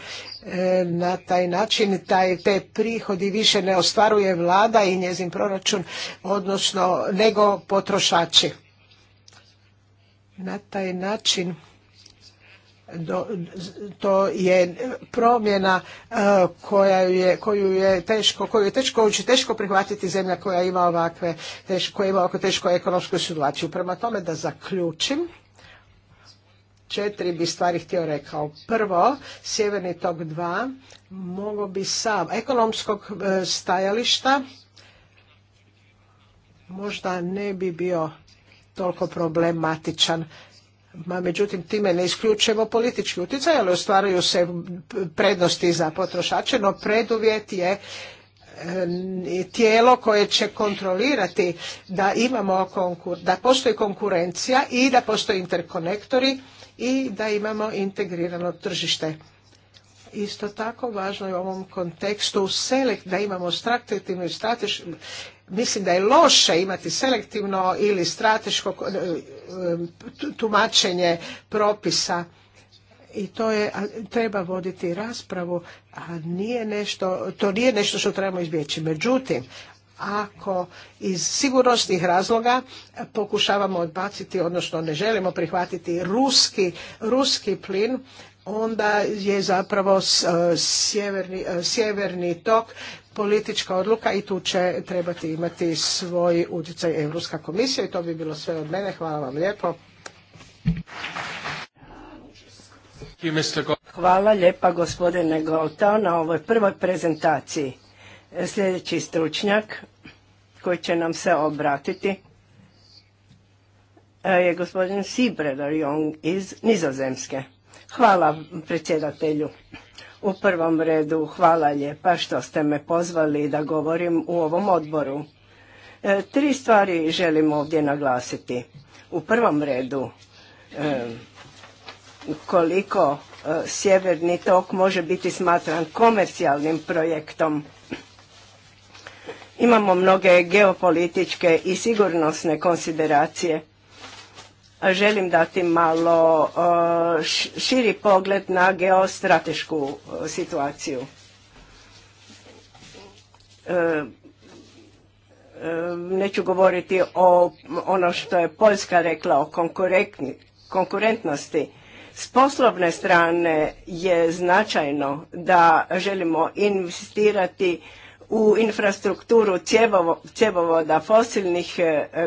e, na taj način taj, te prihodi više ne ostvaruje vlada i njezin proračun, odnosno nego potrošači. Na taj način to je promjena e, koja je, koju je teško, koju je teško teško prihvatiti zemlja koja ima ovakve, teško, koja ima ovako tešku ekonomsku situaciju. Prema tome da zaključim, četiri bi stvari htio rekao. Prvo, Sjeverni tok 2 mogo bi sa ekonomskog e, stajališta možda ne bi bio toliko problematičan Ma međutim, time ne isključujemo politički utjecaj, ali ostvaraju se prednosti za potrošače, no preduvjet je e, tijelo koje će kontrolirati da imamo da postoji konkurencija i da postoji interkonektori i da imamo integrirano tržište. Isto tako važno je u ovom kontekstu da imamo selektivno i strateško, mislim da je loše imati selektivno ili strateško tumačenje propisa i to je, treba voditi raspravu, a nije nešto, to nije nešto što trebamo izbjeći. Međutim, ako iz sigurnosnih razloga pokušavamo odbaciti, odnosno ne želimo prihvatiti ruski, ruski plin, onda je zapravo e, sjeverni, e, sjeverni tok politička odluka i tu će trebati imati svoj utjecaj Europska komisija i to bi bilo sve od mene. Hvala vam lijepo. Hvala lijepa gospodine Goltao na ovoj prvoj prezentaciji. Sljedeći stručnjak koji će nam se obratiti e, je gospodin Sibredar Jong iz Nizozemske. Hvala predsjedatelju. U prvom redu hvala lijepa što ste me pozvali da govorim u ovom odboru. E, tri stvari želim ovdje naglasiti. U prvom redu e, koliko e, sjeverni tok može biti smatran komercijalnim projektom. Imamo mnoge geopolitičke i sigurnosne konsideracije želim dati malo uh, širi pogled na geostratešku uh, situaciju. Uh, neću govoriti o ono što je Poljska rekla o konkurentnosti. S poslovne strane je značajno da želimo investirati u infrastrukturu cjevovoda fosilnih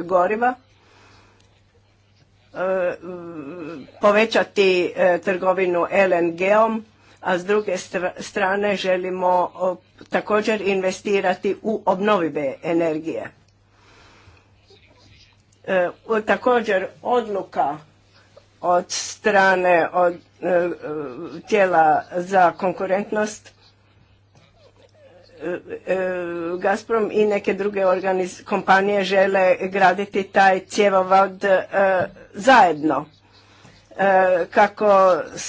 goriva, E, povećati e, trgovinu LNG-om, a s druge strane želimo također investirati u obnovive energije. E, također odluka od strane od tijela za konkurentnost Gazprom i neke druge kompanije žele graditi taj cjevovod zajedno e, kako e,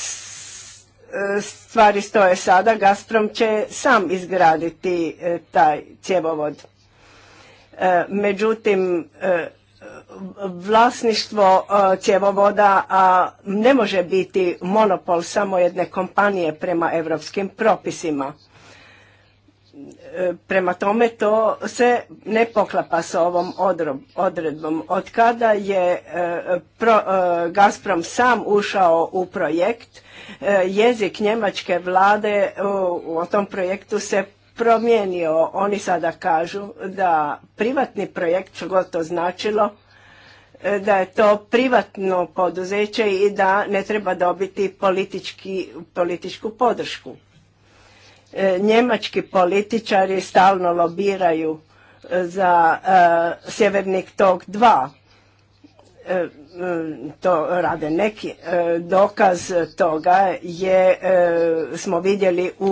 stvari stoje sada, Gazprom će sam izgraditi e, taj cjevovod. Međutim, vlasništvo cjevovoda ne može biti monopol samo jedne kompanije prema europskim propisima prema tome to se ne poklapa sa ovom odredbom. Od kada je e, e, Gazprom sam ušao u projekt, e, jezik njemačke vlade u tom projektu se promijenio. Oni sada kažu da privatni projekt, što god to značilo, da je to privatno poduzeće i da ne treba dobiti političku podršku. E, njemački političari stalno lobiraju e, za e, Sjevernik tok 2. To rade neki. Dokaz toga je, smo vidjeli u,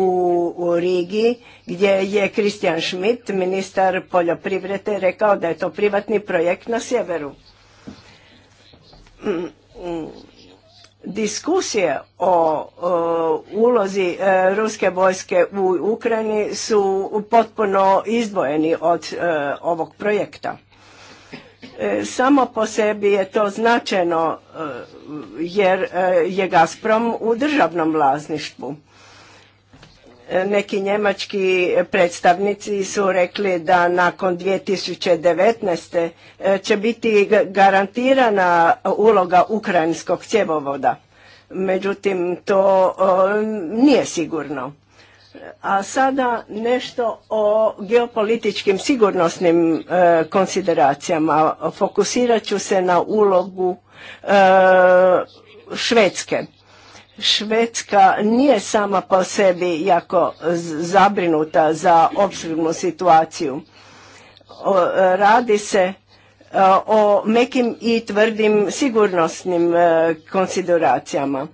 u Rigi gdje je Kristijan Schmidt, ministar poljoprivrede, rekao da je to privatni projekt na sjeveru. Mm, mm. Diskusije o, ulozi e, ruske vojske u Ukrajini su potpuno izdvojeni od e, ovog projekta. E, samo po sebi je to značajno jer je Gazprom u državnom vlasništvu neki njemački predstavnici su rekli da nakon 2019. E, će biti garantirana uloga ukrajinskog cjevovoda. Međutim, to nije sigurno. A sada nešto o geopolitičkim sigurnosnim e, konsideracijama. Fokusirat ću se na ulogu e, Švedske. Švedska nije sama po sebi jako zabrinuta za opširnu situaciju. Radi se e, o mekim i tvrdim sigurnosnim e, konsideracijama.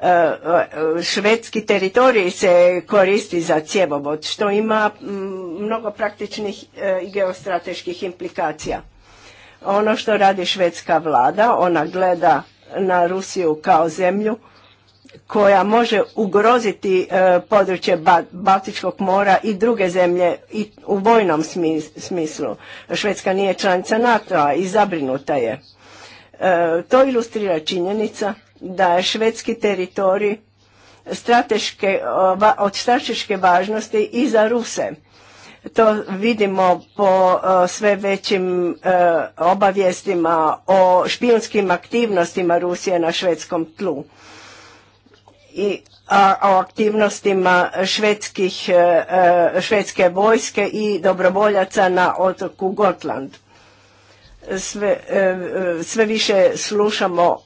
E, švedski teritorij se koristi za cjevovod, što ima mnogo praktičnih i geostrateških implikacija. Ono što radi švedska vlada, ona gleda na Rusiju kao zemlju koja može ugroziti e, područje Baltičkog mora i druge zemlje i u vojnom smislu. Švedska nije članica NATO-a i zabrinuta je. E, to ilustrira činjenica da je švedski teritorij strateške, od strateške važnosti i za Ruse. To vidimo po e, sve većim obavijestima o špijunskim aktivnostima Rusije na švedskom tlu i o aktivnostima e, e, švedske vojske i dobrovoljaca na otoku Gotland. Sve, e, više slušamo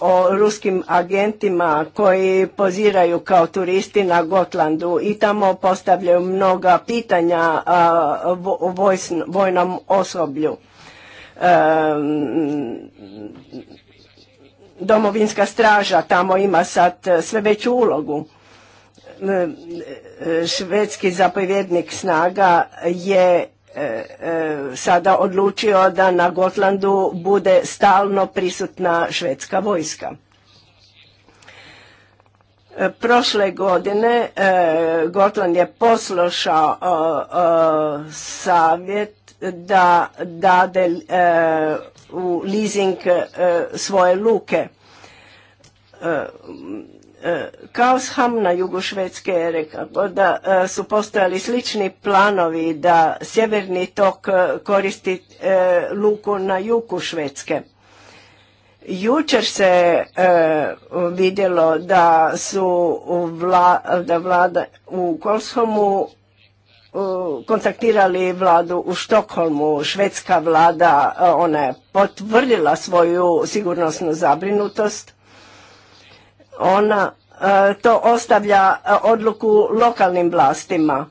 o ruskim agentima koji poziraju kao turisti na Gotlandu i tamo postavljaju mnoga pitanja vojnom osoblju domovinska straža tamo ima sad e, sve veću ulogu. E, e, švedski zapovjednik snaga je sada odlučio da na Gotlandu bude stalno prisutna švedska vojska. Prošle godine Gotland je poslušao savjet da dade u leasing e, svoje luke. E, e, kaosham na jugu Švedske je rekao da su postojali slični planovi da sjeverni tok koristi luku na jugu Švedske. Jučer se vidjelo da su da vlada u Kolshomu kontaktirali vladu u Štokholmu, švedska vlada, e, ona je potvrdila svoju sigurnosnu zabrinutost. Ona e, to ostavlja e, odluku lokalnim vlastima.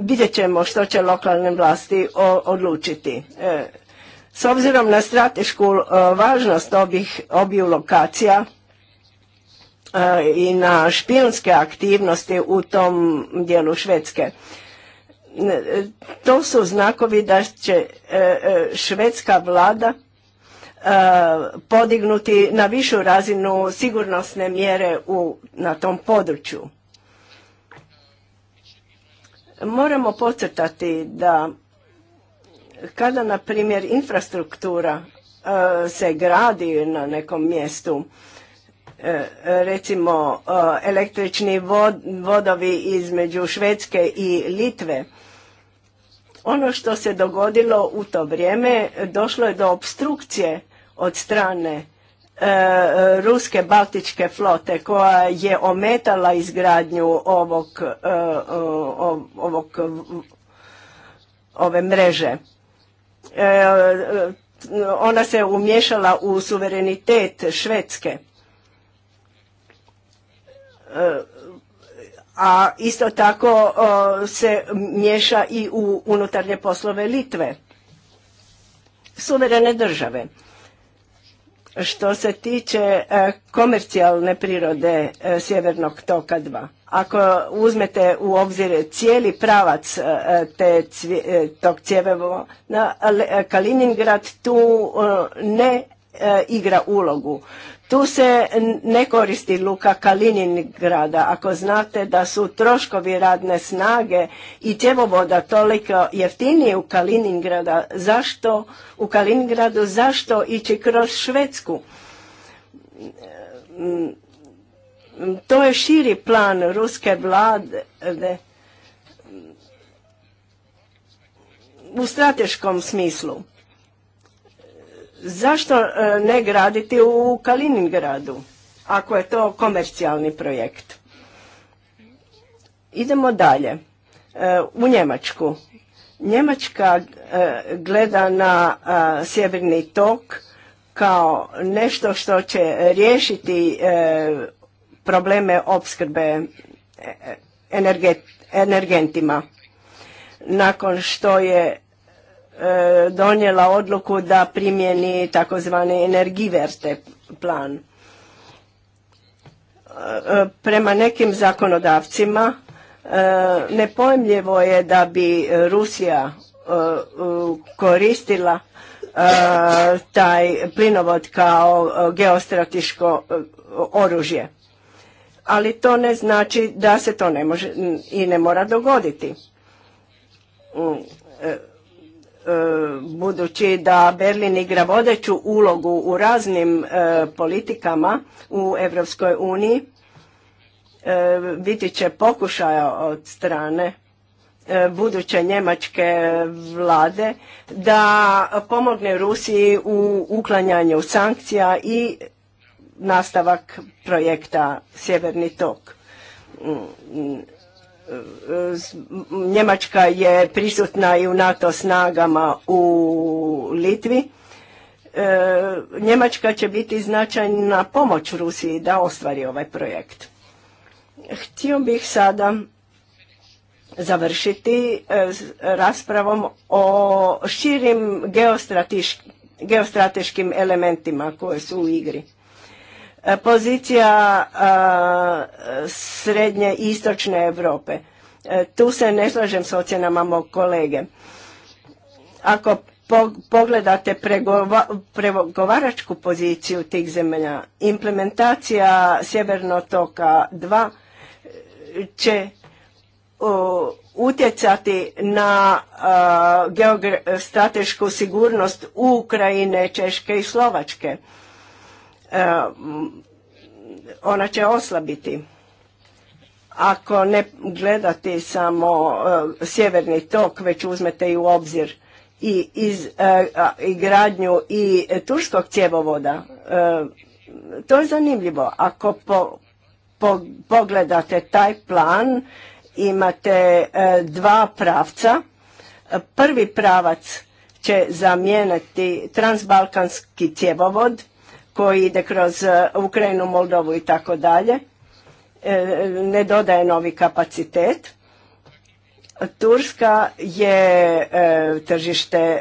vidjet ćemo što će lokalne vlasti odlučiti. s obzirom na stratešku važnost obih, obiju lokacija, E, i na špijunske aktivnosti u tom dijelu Švedske. E, to su znakovi da će e, švedska vlada podignuti na višu razinu sigurnosne mjere u, na tom području. Moramo podcrtati da kada, na primjer, infrastruktura se gradi na nekom mjestu, E, recimo e, električni vodovi između Švedske i Litve. Ono što se dogodilo u to vrijeme, došlo je do obstrukcije od strane e, ruske baltičke flote koja je ometala izgradnju ovog, ovog ove mreže. ona se umješala u suverenitet Švedske a isto tako se miješa i u unutarnje poslove Litve, suverene države. Što se tiče e, komercijalne prirode e, Sjevernog toka 2, ako uzmete u obzir cijeli pravac e, te tog cjeveva na Kaliningrad tu ne igra ulogu. Tu se ne koristi luka Kaliningrada. Ako znate da su troškovi radne snage i cjevovoda toliko jeftinije u Kaliningrada, zašto u Kaliningradu zašto ići kroz Švedsku? Mm, mm, to je širi plan ruske vlade mm, u strateškom smislu Zašto e, ne graditi u Kaliningradu, ako je to komercijalni projekt? Idemo dalje. E, u Njemačku. Njemačka e, gleda na sjeverni tok kao nešto što će riješiti probleme opskrbe energentima. Nakon što je E, donijela odluku da primjeni takozvani energiverte plan. E, e, prema nekim zakonodavcima nepojmljivo je da bi Rusija koristila taj plinovod kao geostratiško oružje. Ali to ne znači da se to ne može i ne mora dogoditi mm, budući da Berlin igra vodeću ulogu u raznim e, politikama u Evropskoj uniji, e, biti će pokušaja od strane e, buduće njemačke vlade da pomogne Rusiji u uklanjanju sankcija i nastavak projekta Sjeverni tok. Mm, Njemačka je prisutna i u NATO snagama u Litvi. E, Njemačka će biti značajna pomoć Rusiji da ostvari ovaj projekt. Htio bih sada završiti e, raspravom o širim geostrateškim elementima koje su u igri. Pozicija srednje i istočne Europe. E, tu se ne slažem s ocjenama mog kolege. Ako pogledate pregovaračku poziciju tih zemlja, implementacija Sjeverno toka 2 e, će utjecati na a, sigurnost Ukrajine, Češke i Slovačke. E, ona će oslabiti. Ako ne gledate samo e, sjeverni tok, već uzmete i u obzir i, iz, e, i gradnju i turskog cjevovoda, to je zanimljivo. Ako po, pogledate taj plan, imate dva pravca. Prvi pravac će zamijeniti transbalkanski cjevovod koji ide kroz e, Ukrajinu, Moldovu i tako dalje, e, ne dodaje novi kapacitet. Turska je e, tržište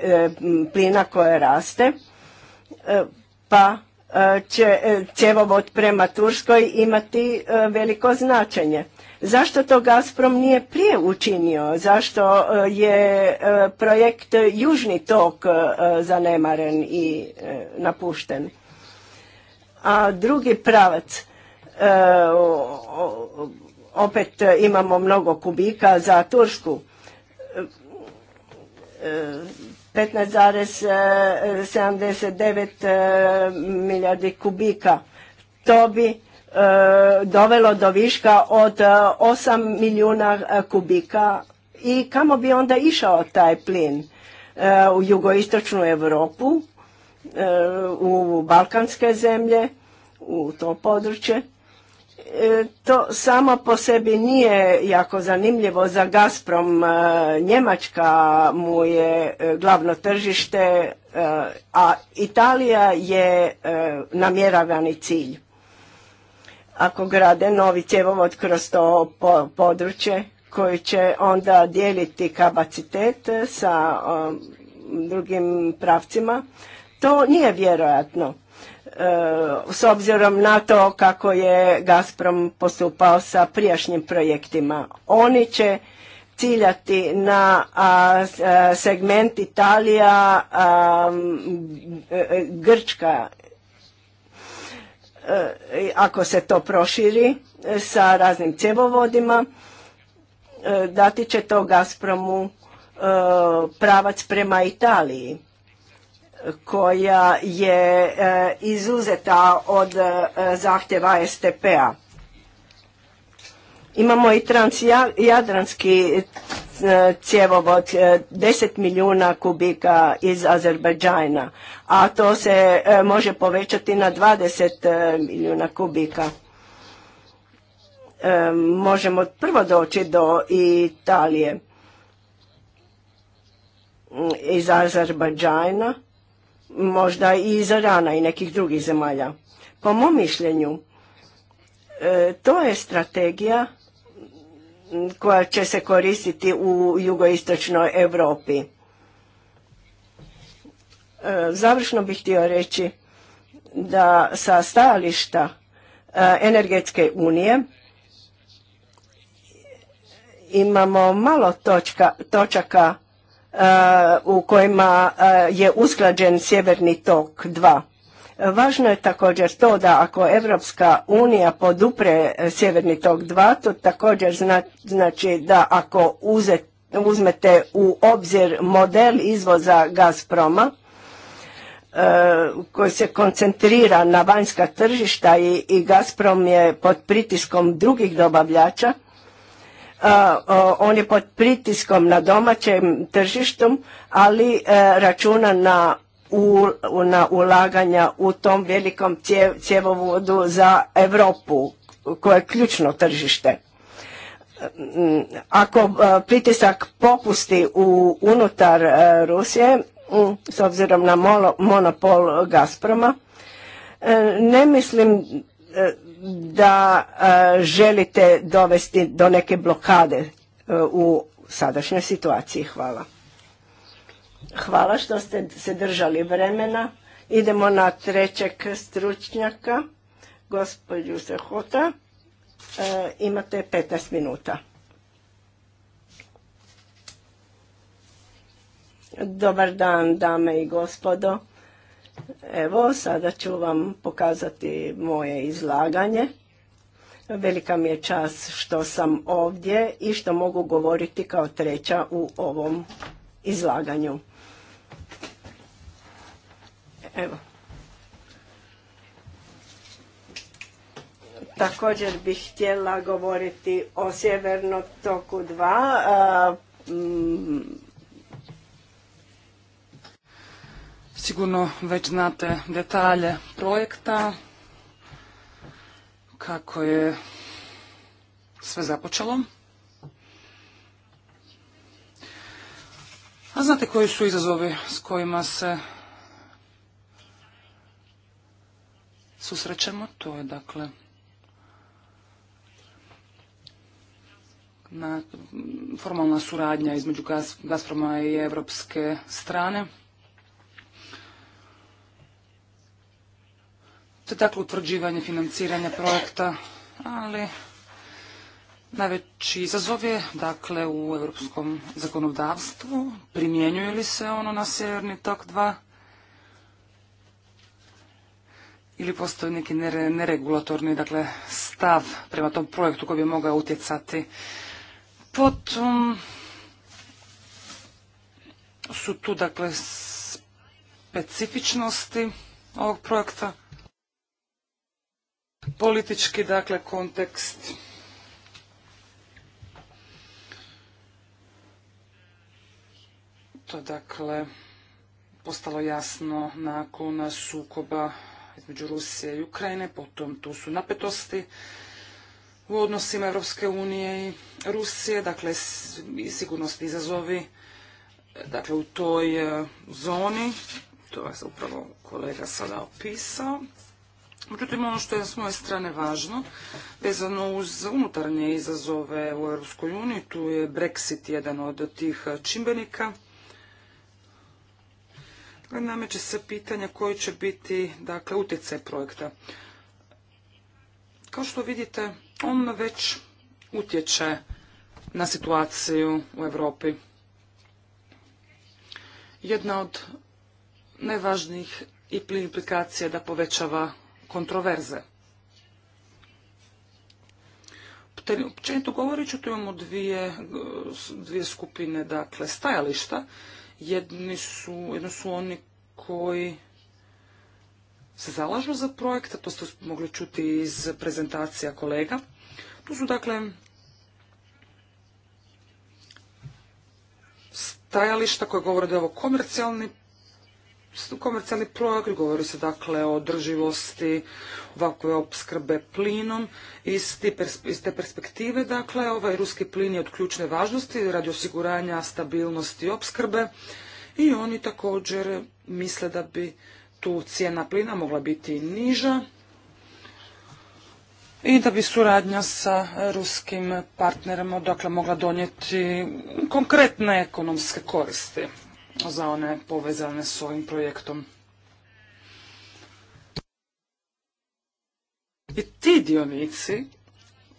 plina koje raste, pa će cjevovod prema Turskoj imati veliko značenje. Zašto to Gazprom nije prije učinio? Zašto je projekt Južni tok zanemaren i napušten? a drugi pravac e, opet imamo mnogo kubika za Tursku 15,79 e, e, milijardi kubika. To bi dovelo do viška od 8 milijuna kubika i kamo bi onda išao taj plin? u jugoistočnu Europu E, u balkanske zemlje, u to područje. E, to samo po sebi nije jako zanimljivo za Gazprom. E, Njemačka mu je glavno tržište, a Italija je namjeravani cilj. Ako grade novi cjevovod kroz to područje koji će onda dijeliti kapacitet sa drugim pravcima, to nije vjerojatno e, s obzirom na to kako je Gazprom postupao sa prijašnjim projektima. Oni će ciljati na e, segment Italija, e, Grčka, ako se to proširi sa raznim cjevovodima, dati će to Gazpromu pravac prema Italiji koja je e, izuzeta od e, zahtjeva STP-a. Imamo i transjadranski e, cjevovod 10 milijuna kubika iz Azerbajdžana, a to se može povećati na 20 milijuna kubika. Možemo prvo doći do Italije iz Azerbajdžana možda i iz rana i nekih drugih zemalja. Po mom mišljenju, e, to je strategija koja će se koristiti u jugoistočnoj Europi. E, završno bih htio reći da sa stajališta e, energetske unije imamo malo točka, točaka Eh, u kojima eh, je usklađen sjeverni tok 2. Važno je također to da ako Evropska unija podupre eh, Sjeverni tok 2, to također znači da ako uzmete u obzir model izvoza Gazproma, koji se koncentrira na vanjska tržišta i Gazprom je pod pritiskom drugih dobavljača, on je pod pritiskom na domaćem tržištu, ali e, računa na, na ulaganja u tom velikom cjevovodu za Europu koje je ključno tržište. Mm, ako e, pritisak popusti u unutar e, Rusije, mm, s obzirom na monopol Gazproma, ne mislim da e, želite dovesti do neke blokade e, u sadašnjoj situaciji. Hvala. Hvala što ste se držali vremena. Idemo na trećeg stručnjaka, gospođu Sehota. E, imate 15 minuta. Dobar dan, dame i gospodo. Evo, sada ću vam pokazati moje izlaganje. Velika mi je čast što sam ovdje i što mogu govoriti kao treća u ovom izlaganju. Evo. Također bih htjela govoriti o Sjeverno toku 2, Sigurno već znate detalje projekta, kako je sve započelo. A znate koji su izazovi s kojima se susrećemo? To je dakle formalna suradnja između Gazproma i evropske strane. je, dakle utvrđivanje financiranja projekta, ali najveći izazov je dakle u europskom zakonodavstvu, primjenjuje li se ono na Sjeverni tok 2 ili postoji neki neregulatorni dakle stav prema tom projektu koji bi mogao utjecati. Potom su tu dakle specifičnosti ovog projekta politički dakle kontekst. To dakle postalo jasno nakon sukoba između Rusije i Ukrajine, potom tu su napetosti u odnosima Europske unije i Rusije, dakle i sigurnosni izazovi dakle u toj e, zoni, to je upravo kolega sada opisao. Međutim, ono što je s moje strane važno, vezano uz unutarnje izazove u Europskoj tu je Brexit jedan od tih čimbenika. Nameće se pitanje koji će biti dakle, utjecaj projekta. Kao što vidite, on već utječe na situaciju u Europi. Jedna od najvažnijih implikacija je da povećava kontroverze. Općenito govorit ću, tu imamo dvije, dvije skupine dakle, stajališta. Jedni su, jedno su oni koji se zalažu za projekte, to ste mogli čuti iz prezentacija kolega. Tu su dakle stajališta koje govore da je ovo komercijalni komercijalni projekt, govori se dakle o drživosti ovakve opskrbe plinom. Iz te perspektive, dakle, ovaj ruski plin je od ključne važnosti radi osiguranja stabilnosti opskrbe i oni također misle da bi tu cijena plina mogla biti niža i da bi suradnja sa ruskim partnerima dakle mogla donijeti konkretne ekonomske koristi za one povezane s ovim projektom. I ti dionici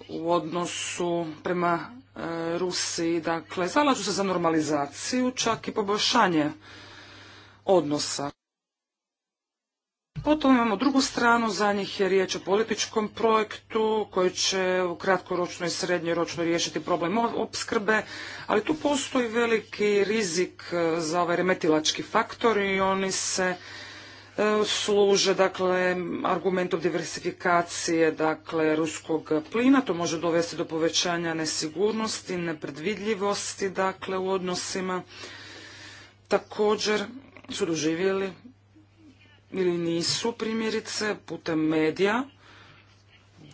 u odnosu prema e, Rusiji, dakle, zalažu se za normalizaciju, čak i poboljšanje odnosa. Potom imamo drugu stranu, za njih je riječ o političkom projektu koji će u kratkoročno i srednjoročno riješiti problem opskrbe, ali tu postoji veliki rizik e, za ovaj remetilački faktor i oni se e, služe dakle argumentom diversifikacije dakle ruskog plina to može dovesti do povećanja nesigurnosti nepredvidljivosti dakle u odnosima također su doživjeli ili nisu primjerice putem medija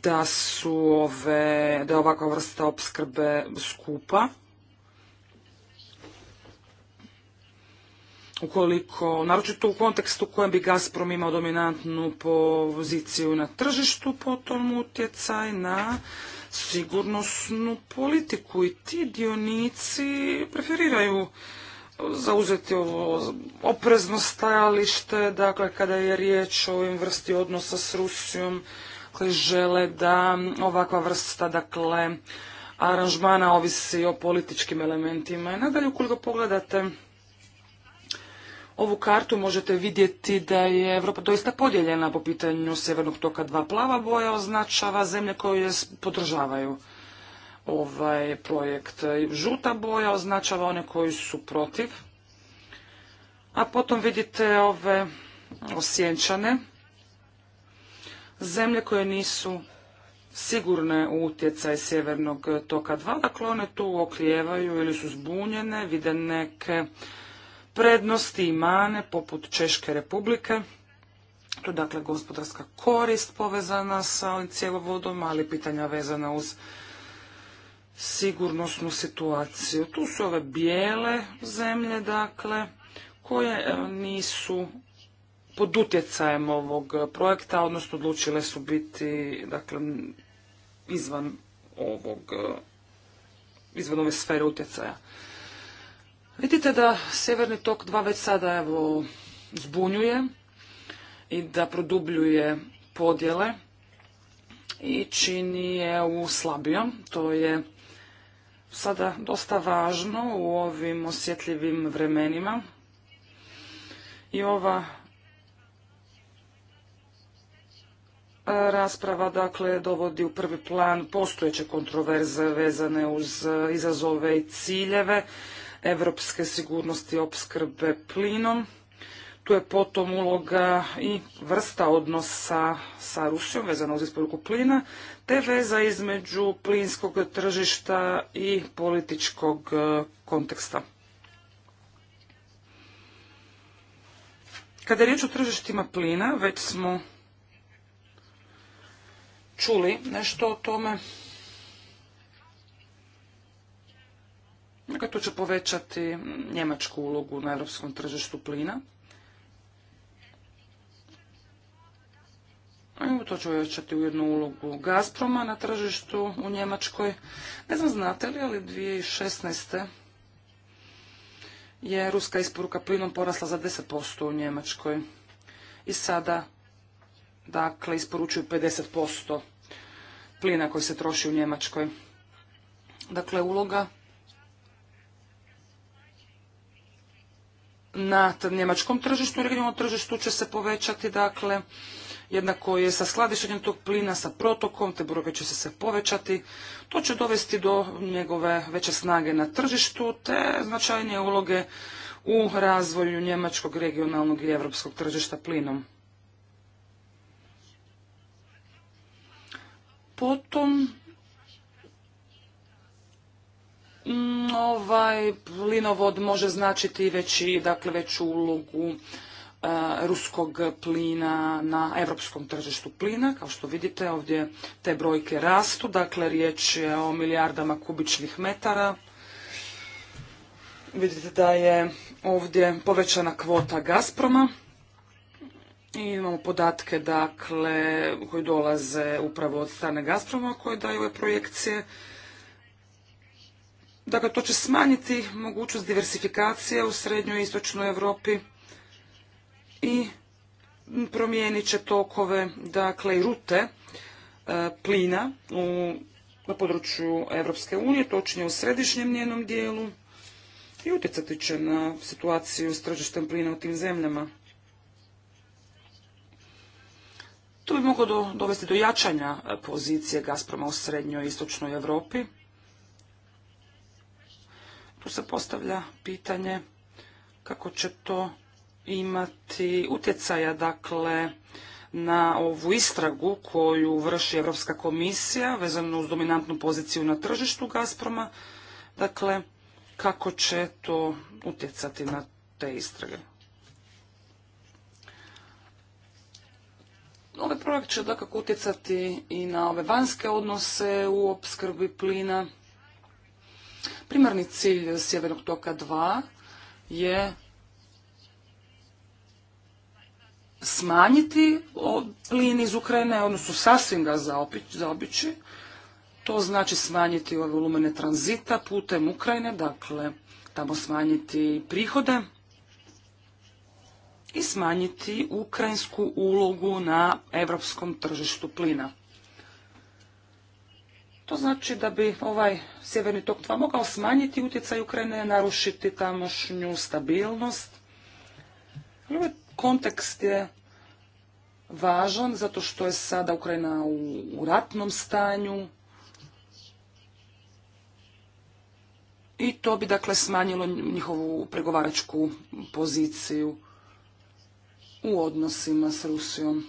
da su ove, da je ovakva vrsta opskrbe skupa. Ukoliko, naročito u kontekstu u kojem bi Gazprom imao dominantnu poziciju na tržištu, potom utjecaj na sigurnosnu politiku i ti dionici preferiraju zauzeti ovo oprezno stajalište, dakle kada je riječ o ovim vrsti odnosa s Rusijom, koji žele da ovakva vrsta, dakle, aranžmana ovisi o političkim elementima. I nadalje, ukoliko pogledate ovu kartu, možete vidjeti da je Europa doista podijeljena po pitanju Sjevernog toka dva plava boja, označava zemlje koje je podržavaju ovaj projekt. E, žuta boja označava one koji su protiv, a potom vidite ove osjenčane zemlje koje nisu sigurne u utjecaj sjevernog toka 2, dakle one tu oklijevaju ili su zbunjene, vide neke prednosti i mane poput Češke republike, tu dakle gospodarska korist povezana sa ovim ali pitanja vezana uz sigurnosnu situaciju. Tu su ove bijele zemlje, dakle, koje e, nisu pod utjecajem ovog projekta, odnosno odlučile su biti, dakle, izvan ovog, e, izvan ove sfere utjecaja. Vidite da Sjeverni tok dva već sada evo zbunjuje i da produbljuje podjele i čini je u slabijom. To je sada dosta važno u ovim osjetljivim vremenima i ova e, rasprava dakle dovodi u prvi plan postojeće kontroverze vezane uz e, izazove i ciljeve evropske sigurnosti opskrbe plinom. Tu je potom uloga i vrsta odnosa sa Rusijom vezano uz isporuku plina, te veza između plinskog tržišta i političkog e, konteksta. Kada je riječ o tržištima plina, već smo čuli nešto o tome. Dakle, to će povećati njemačku ulogu na europskom tržištu plina. To će ojačati jednu ulogu Gazproma na tržištu u Njemačkoj. Ne znam znate li, ali 2016. je ruska isporuka plinom porasla za 10% u Njemačkoj. I sada, dakle, isporučuju 50% plina koji se troši u Njemačkoj. Dakle, uloga na njemačkom tržištu, regionalnom tržištu će se povećati, dakle, jednako je sa skladištenjem tog plina, sa protokom, te brojke će se, povećati. To će dovesti do njegove veće snage na tržištu, te značajnije uloge u razvoju njemačkog regionalnog i europskog tržišta plinom. Potom mm, ovaj plinovod može značiti veći, dakle veću ulogu Eh, ruskog plina na europskom tržištu plina. Kao što vidite ovdje te brojke rastu, dakle riječ je o milijardama kubičnih metara. Vidite da je ovdje povećana kvota Gazproma. I imamo podatke dakle koji dolaze upravo od strane Gazproma koje daju ove projekcije. Dakle, to će smanjiti mogućnost diversifikacije u srednjoj i istočnoj Europi i promijenit će tokove, dakle i rute e, plina na području Europske unije, točnije u središnjem njenom dijelu i utjecati će na situaciju s tržištem plina u tim zemljama. To bi moglo dovesti do jačanja pozicije Gazproma u srednjoj i istočnoj Europi. Tu se postavlja pitanje kako će to imati utjecaja dakle na ovu istragu koju vrši Europska komisija vezano uz dominantnu poziciju na tržištu Gazproma. Dakle, kako će to utjecati na te istrage? Ovaj projekt će dakako utjecati i na ove vanjske odnose u opskrbi plina. Primarni cilj Sjevernog toka 2 je smanjiti plin iz Ukrajine, odnosno sasvim ga zaobići. To znači smanjiti ove volumene tranzita putem Ukrajine, dakle tamo smanjiti prihode i smanjiti ukrajinsku ulogu na europskom tržištu plina. To znači da bi ovaj sjeverni tok 2 mogao smanjiti utjecaj Ukrajine, narušiti tamošnju stabilnost kontekst je važan zato što je sada Ukrajina u, ratnom stanju i to bi dakle smanjilo njihovu pregovaračku poziciju u odnosima s Rusijom.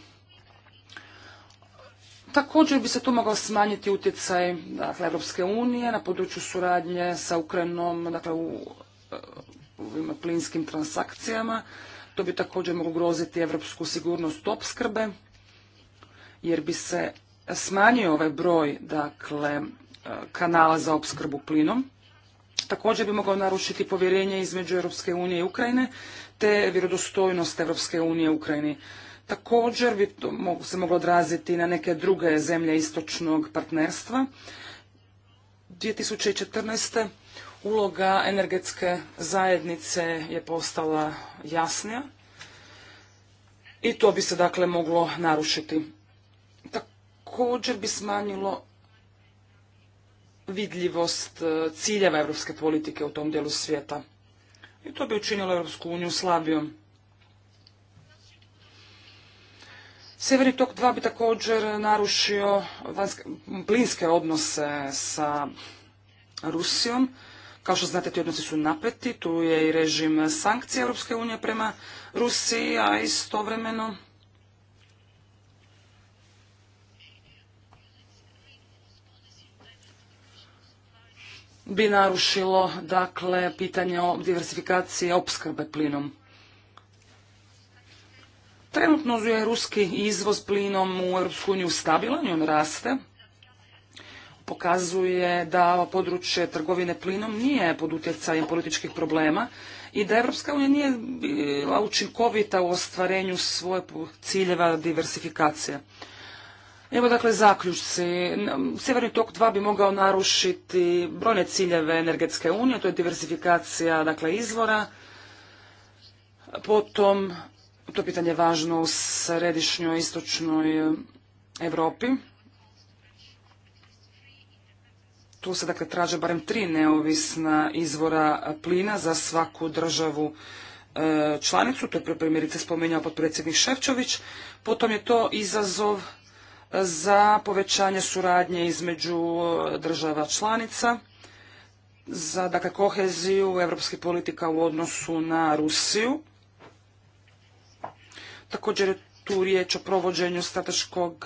Također bi se tu mogao smanjiti utjecaj dakle, Europske unije na području suradnje sa Ukrajinom dakle, u, u, u plinskim transakcijama to bi također moglo ugroziti evropsku sigurnost opskrbe, jer bi se smanjio ovaj broj dakle, e, kanala za opskrbu plinom. Također bi mogao narušiti povjerenje između Europske unije i Ukrajine, te vjerodostojnost Europske unije i Ukrajini. Također bi to se moglo odraziti na neke druge zemlje istočnog partnerstva. 2014. Uloga energetske zajednice je postala jasnija i to bi se dakle moglo narušiti. Također bi smanjilo vidljivost e, ciljeva europske politike u tom dijelu svijeta. I to bi učinilo Evropsku uniju slabijom. Sjeverni tok 2 bi također narušio plinske odnose sa Rusijom kao što znate, ti odnosi su napeti tu je i režim sankcije Europske unije prema Rusiji, a istovremeno bi narušilo dakle pitanje o diversifikacije opskrbe plinom. Trenutno je ruski izvoz plinom u EU stabilan i on raste pokazuje da ovo područje trgovine plinom nije pod utjecajem političkih problema i da Evropska unija nije bila učinkovita u ostvarenju svoje ciljeva diversifikacije. Evo dakle zaključci. Sjeverni tok 2 bi mogao narušiti brojne ciljeve energetske unije, to je diversifikacija dakle izvora, potom to pitanje je važno u središnjoj istočnoj Europi. tu se dakle traže barem tri neovisna izvora plina za svaku državu e, članicu, to je primjerice spomenjao potpredsjednik Ševčović, potom je to izazov e, za povećanje suradnje između e, država članica, za dakle, koheziju evropskih politika u odnosu na Rusiju. Također je tu riječ o provođenju strateškog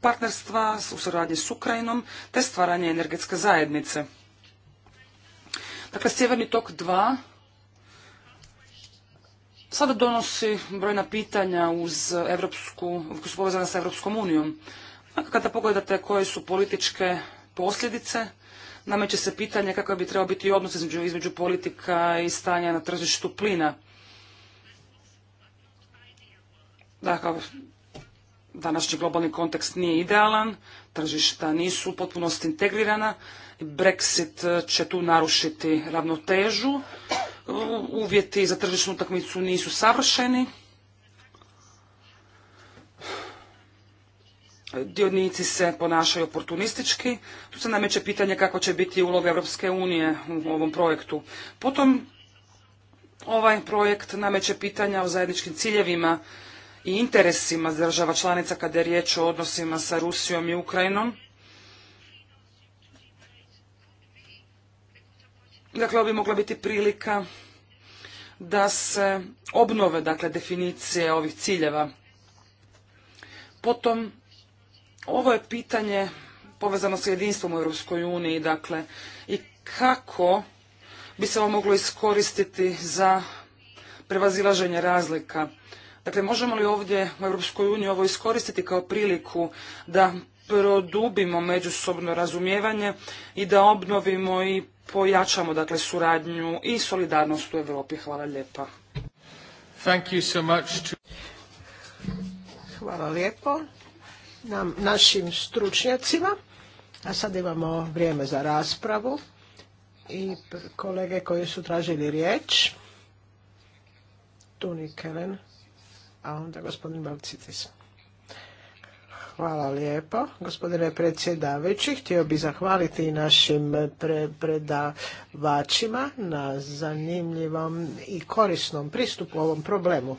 partnerstva u suradnji s Ukrajinom te stvaranje energetske zajednice. Dakle, Sjeverni tok 2 sada donosi brojna pitanja uz Evropsku, koji su povezana sa Evropskom unijom. Dakle, kada pogledate koje su političke posljedice, nameće se pitanje kako bi trebao biti odnos između, između politika i stanja na tržištu plina. Dakle, Današnji globalni kontekst nije idealan, tržišta nisu u potpunosti integrirana, Brexit eh, će tu narušiti ravnotežu, eh, uvjeti za tržišnu utakmicu nisu savršeni, dionici se ponašaju oportunistički. Tu se nameće pitanje kako će biti uloga Europske unije u ovom projektu. Potom ovaj projekt nameće pitanja o zajedničkim ciljevima i interesima država članica kada je riječ o odnosima sa Rusijom i Ukrajinom. Dakle, ovo bi mogla biti prilika da se obnove dakle, definicije ovih ciljeva. Potom, ovo je pitanje povezano sa jedinstvom u Europskoj uniji, dakle, i kako bi se ovo moglo iskoristiti za prevazilaženje razlika. Dakle, možemo li ovdje u Europskoj uniji ovo iskoristiti kao priliku da produbimo međusobno razumijevanje i da obnovimo i pojačamo dakle suradnju i solidarnost u Europi. Hvala lijepa. Thank you so much to... Hvala lijepo nam, našim stručnjacima. A sad imamo vrijeme za raspravu i kolege koji su tražili riječ. Tuni Kelen a onda gospodin Balcitis. Hvala lijepo. Gospodine predsjedavajući, htio bih zahvaliti našim pre predavačima na zanimljivom i korisnom pristupu ovom problemu.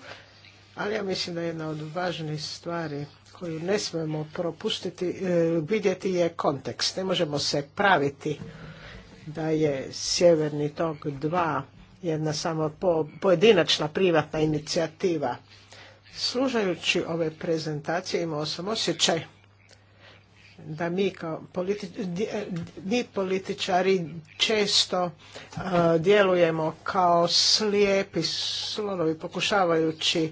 Ali ja mislim da jedna od važnih stvari koju ne smemo propustiti, e, vidjeti je kontekst. Ne možemo se praviti da je Sjeverni tok 2 jedna samo pojedinačna privatna inicijativa Slušajući ove prezentacije imao sam osjećaj da mi kao politi e, mi političari često e, djelujemo kao slijepi slonovi pokušavajući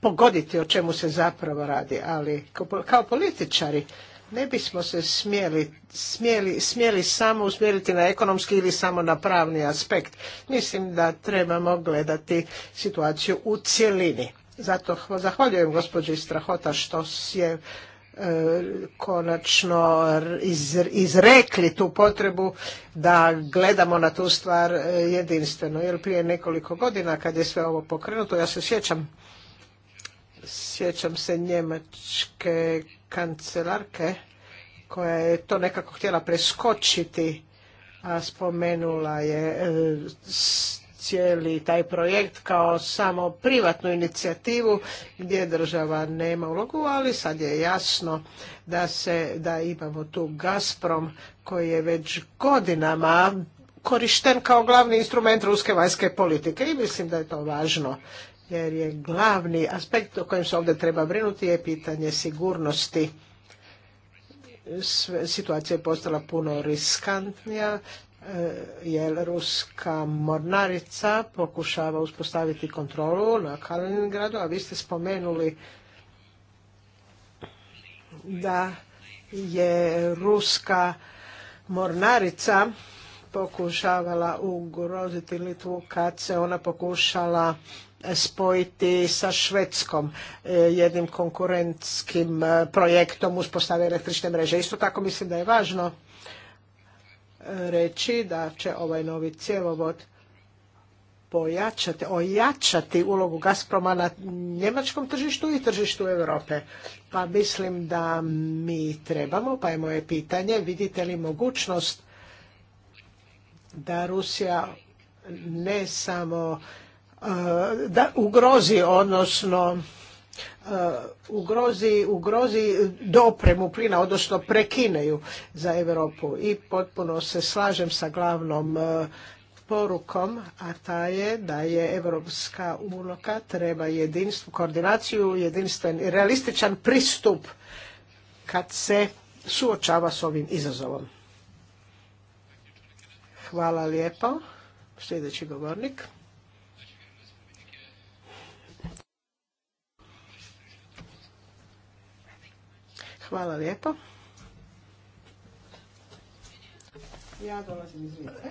pogoditi o čemu se zapravo radi, ali kao, kao političari ne bismo se smjeli, smjeli, smjeli samo usmjeriti na ekonomski ili samo na pravni aspekt. Mislim da trebamo gledati situaciju u cjelini. Zato zahvaljujem gospođi Strahota što je e, konačno izrekli tu potrebu da gledamo na tu stvar e, jedinstveno. Jer prije nekoliko godina kad je sve ovo pokrenuto, ja se sjećam sjećam se njemačke kancelarke koja je to nekako htjela preskočiti, a spomenula je e, cijeli taj projekt kao samo privatnu inicijativu gdje država nema ulogu, ali sad je jasno da, se, da imamo tu Gazprom koji je već godinama korišten kao glavni instrument ruske vanjske politike i mislim da je to važno jer je glavni aspekt o kojem se ovdje treba brinuti je pitanje sigurnosti. Situacija je postala puno riskantnija e, jer ruska mornarica pokušava uspostaviti kontrolu na Kaliningradu, a vi ste spomenuli da je ruska mornarica pokušavala ugroziti Litvu kad se ona pokušala spojiti sa Švedskom e, jednim konkurentskim e, projektom uspostave električne mreže. Isto tako mislim da je važno e, reći da će ovaj novi cjevovod pojačati, ojačati ulogu Gazproma na njemačkom tržištu i tržištu Europe. Pa mislim da mi trebamo, pa je moje pitanje, vidite li mogućnost da Rusija ne samo Eh, da ugrozi odnosno eh, ugrozi, ugrozi dopremu plina, odnosno prekineju za Europu i potpuno se slažem sa glavnom eh, porukom, a ta je da je Europska uloka treba jedinstvu, koordinaciju, jedinstven i realističan pristup kad se suočava s ovim izazovom. Hvala lijepo. Sljedeći govornik. Hvala lijepo.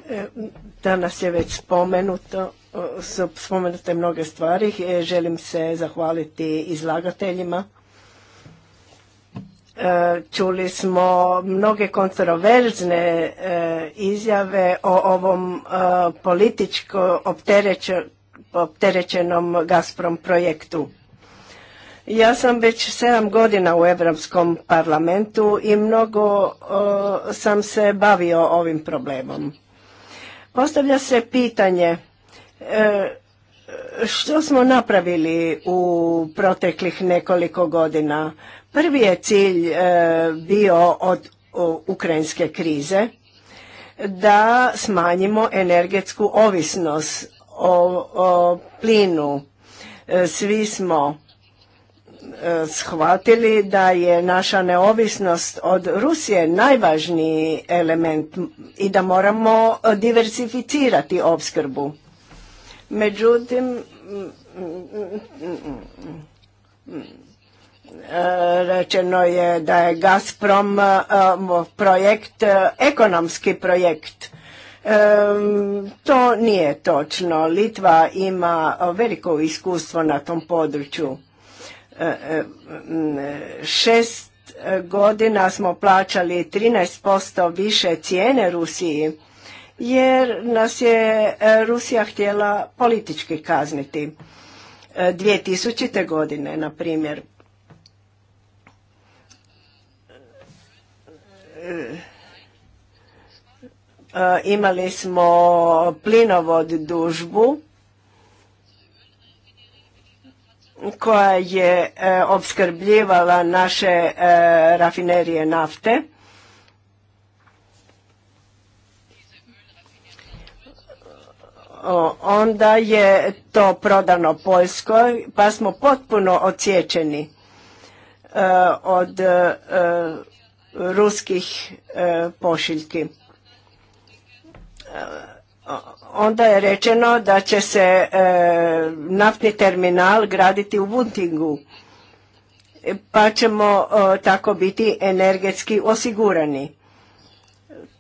E, danas je već spomenuto, su spomenute mnoge stvari. E, želim se zahvaliti izlagateljima. E, čuli smo mnoge kontroverzne izjave o ovom političko opterećenom Gazprom projektu ja sam već sedam godina u Europskom parlamentu i mnogo sam se bavio ovim problemom. Postavlja se pitanje e, što smo napravili u proteklih nekoliko godina. Prvi je cilj e, bio od ukrajinske krize da smanjimo energetsku ovisnost o, o plinu. E, svi smo E, shvatili da je naša neovisnost od Rusije najvažniji element i da moramo e, diversificirati opskrbu. Međutim, e, rečeno je da je Gazprom projekt ekonomski projekt. To nije točno. Litva ima veliko iskustvo na tom području Šest godina smo plaćali 13% više cijene Rusiji jer nas je e, Rusija htjela politički kazniti. 2000. E, godine, na primjer. E, imali smo plinovod dužbu koja je e, opskrbljivala naše e, rafinerije nafte. Onda je to prodano Poljskoj, pa smo potpuno odsječeni e, od ruskih pošiljki onda je rečeno da će se e, naftni terminal graditi u Buntingu, pa ćemo e, tako biti energetski osigurani.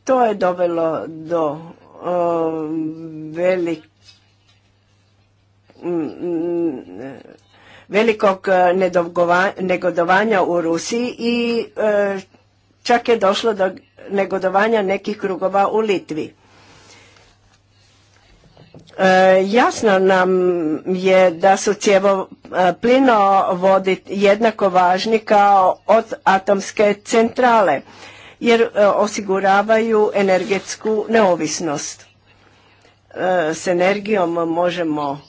To je dovelo do e, velikog negodovanja u Rusiji i čak je došlo do negodovanja nekih krugova u Litvi E, jasno nam je da su cijevo e, plinovodi jednako važni kao od atomske centrale jer e, osiguravaju energetsku neovisnost. S energijom možemo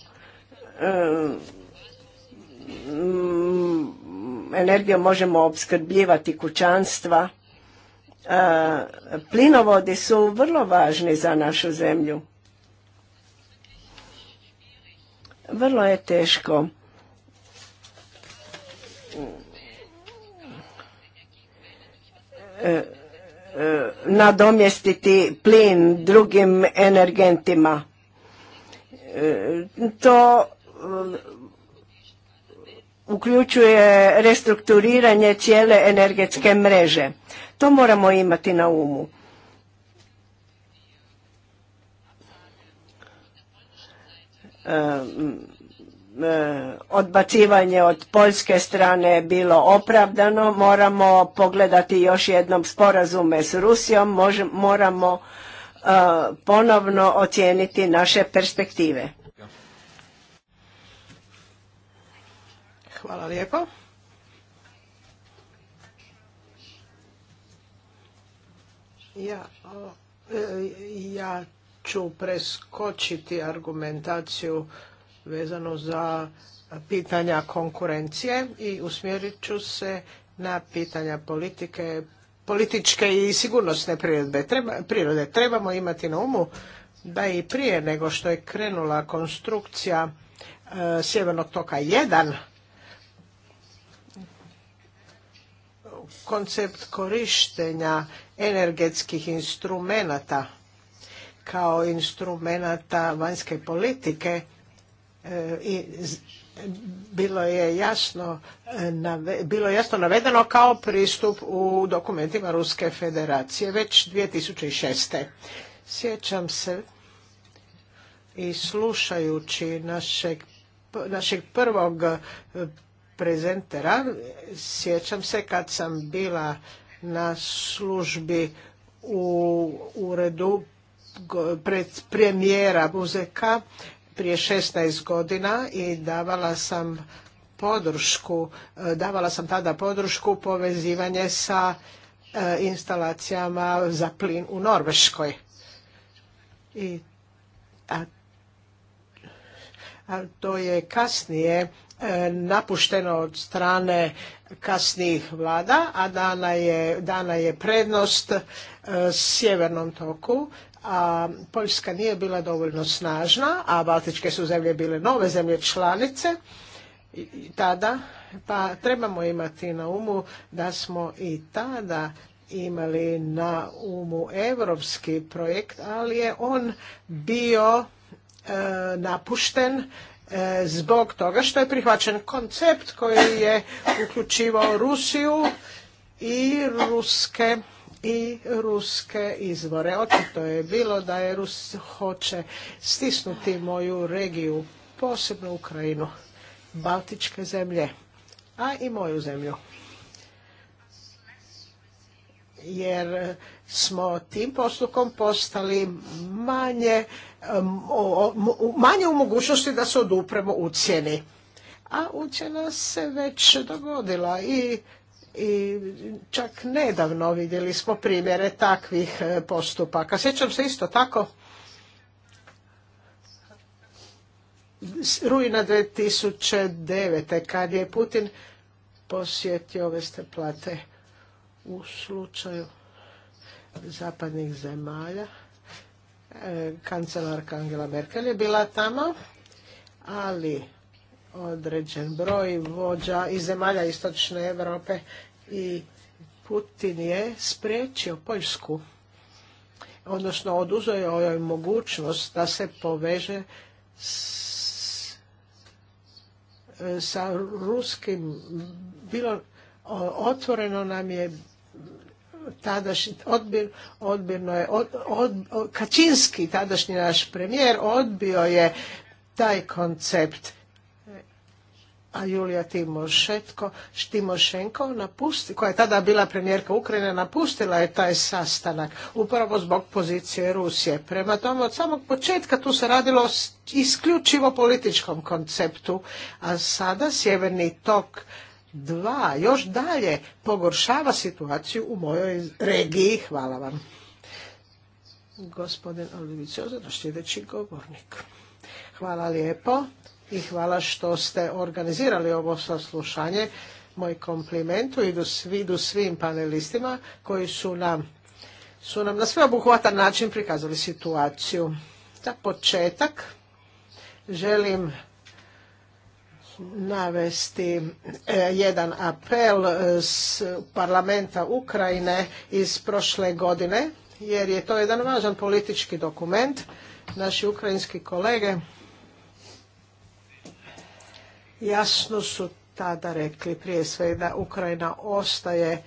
mm, energijom možemo opskrbljivati kućanstva. Plinovodi su vrlo važni za našu zemlju Vrlo je teško e, e, nadomjestiti plin drugim energentima. E, to uključuje restrukturiranje cijele energetske mreže. To moramo imati na umu. E, e, odbacivanje od poljske strane bilo opravdano, moramo pogledati još jednom sporazume s Rusijom, moramo e, ponovno ocijeniti naše perspektive. Hvala lijepo. Ja, ja ću preskočiti argumentaciju vezano za pitanja konkurencije i usmjerit ću se na pitanja politike, političke i sigurnosne prirode. prirode. Trebamo imati na umu da i prije nego što je krenula konstrukcija e, Sjevernog toka 1, koncept korištenja energetskih instrumenata kao instrumenta vanjske politike e, i bilo je jasno e, bilo jasno navedeno kao pristup u dokumentima Ruske federacije već 2006. Sjećam se i slušajući našeg, našeg prvog e, prezentera, sjećam se kad sam bila na službi u uredu premijera Buzeka prije 16 godina i davala sam podršku, e, davala sam tada podršku povezivanje sa e, instalacijama za plin u Norveškoj. I, a, to je kasnije e, napušteno od strane kasnijih vlada, a dana je, dana je prednost sjevernom toku a Poljska nije bila dovoljno snažna, a Baltičke su zemlje bile nove zemlje članice, i tada, pa trebamo imati na umu da smo i tada imali na umu europski projekt, ali je on bio e, napušten e, zbog toga što je prihvaćen koncept koji je uključivao Rusiju i ruske i ruske izvore. Očito je bilo da je Rus hoće stisnuti moju regiju, posebno Ukrajinu, Baltičke zemlje, a i moju zemlju. Jer smo tim postupkom postali manje, manje u mogućnosti da se odupremo cijeni. A ucjena se već dogodila i i čak nedavno vidjeli smo primjere takvih e, postupaka. Sjećam se isto tako rujna 2009. kad je Putin posjetio ove steplate u slučaju zapadnih zemalja. E, kancelarka Angela Merkel je bila tamo, ali određen broj vođa iz zemalja Istočne Europe i Putin je spriječio Poljsku, odnosno oduzeo joj mogućnost da se poveže sa ruskim, bilo otvoreno nam je tadašnji odbir, odbirno je, od, od, Kačinski, tadašnji naš premijer, odbio je taj koncept Julija Timošetko, koja je tada bila premijerka Ukrajine, napustila je taj sastanak, upravo zbog pozicije Rusije. Prema tome, od samog početka tu se radilo o isključivo političkom konceptu, a sada sjeverni tok dva još dalje pogoršava situaciju u mojoj regiji. Hvala vam. Gospodin sljedeći govornik. Hvala lijepo i hvala što ste organizirali ovo saslušanje. Moj komplimentu idu, vidu svim panelistima koji su nam, su nam na sveobuhvatan način prikazali situaciju. Za početak želim navesti e, jedan apel e, s parlamenta Ukrajine iz prošle godine, jer je to jedan važan politički dokument. Naši ukrajinski kolege Jasno su tada rekli prije svega da Ukrajina ostaje e,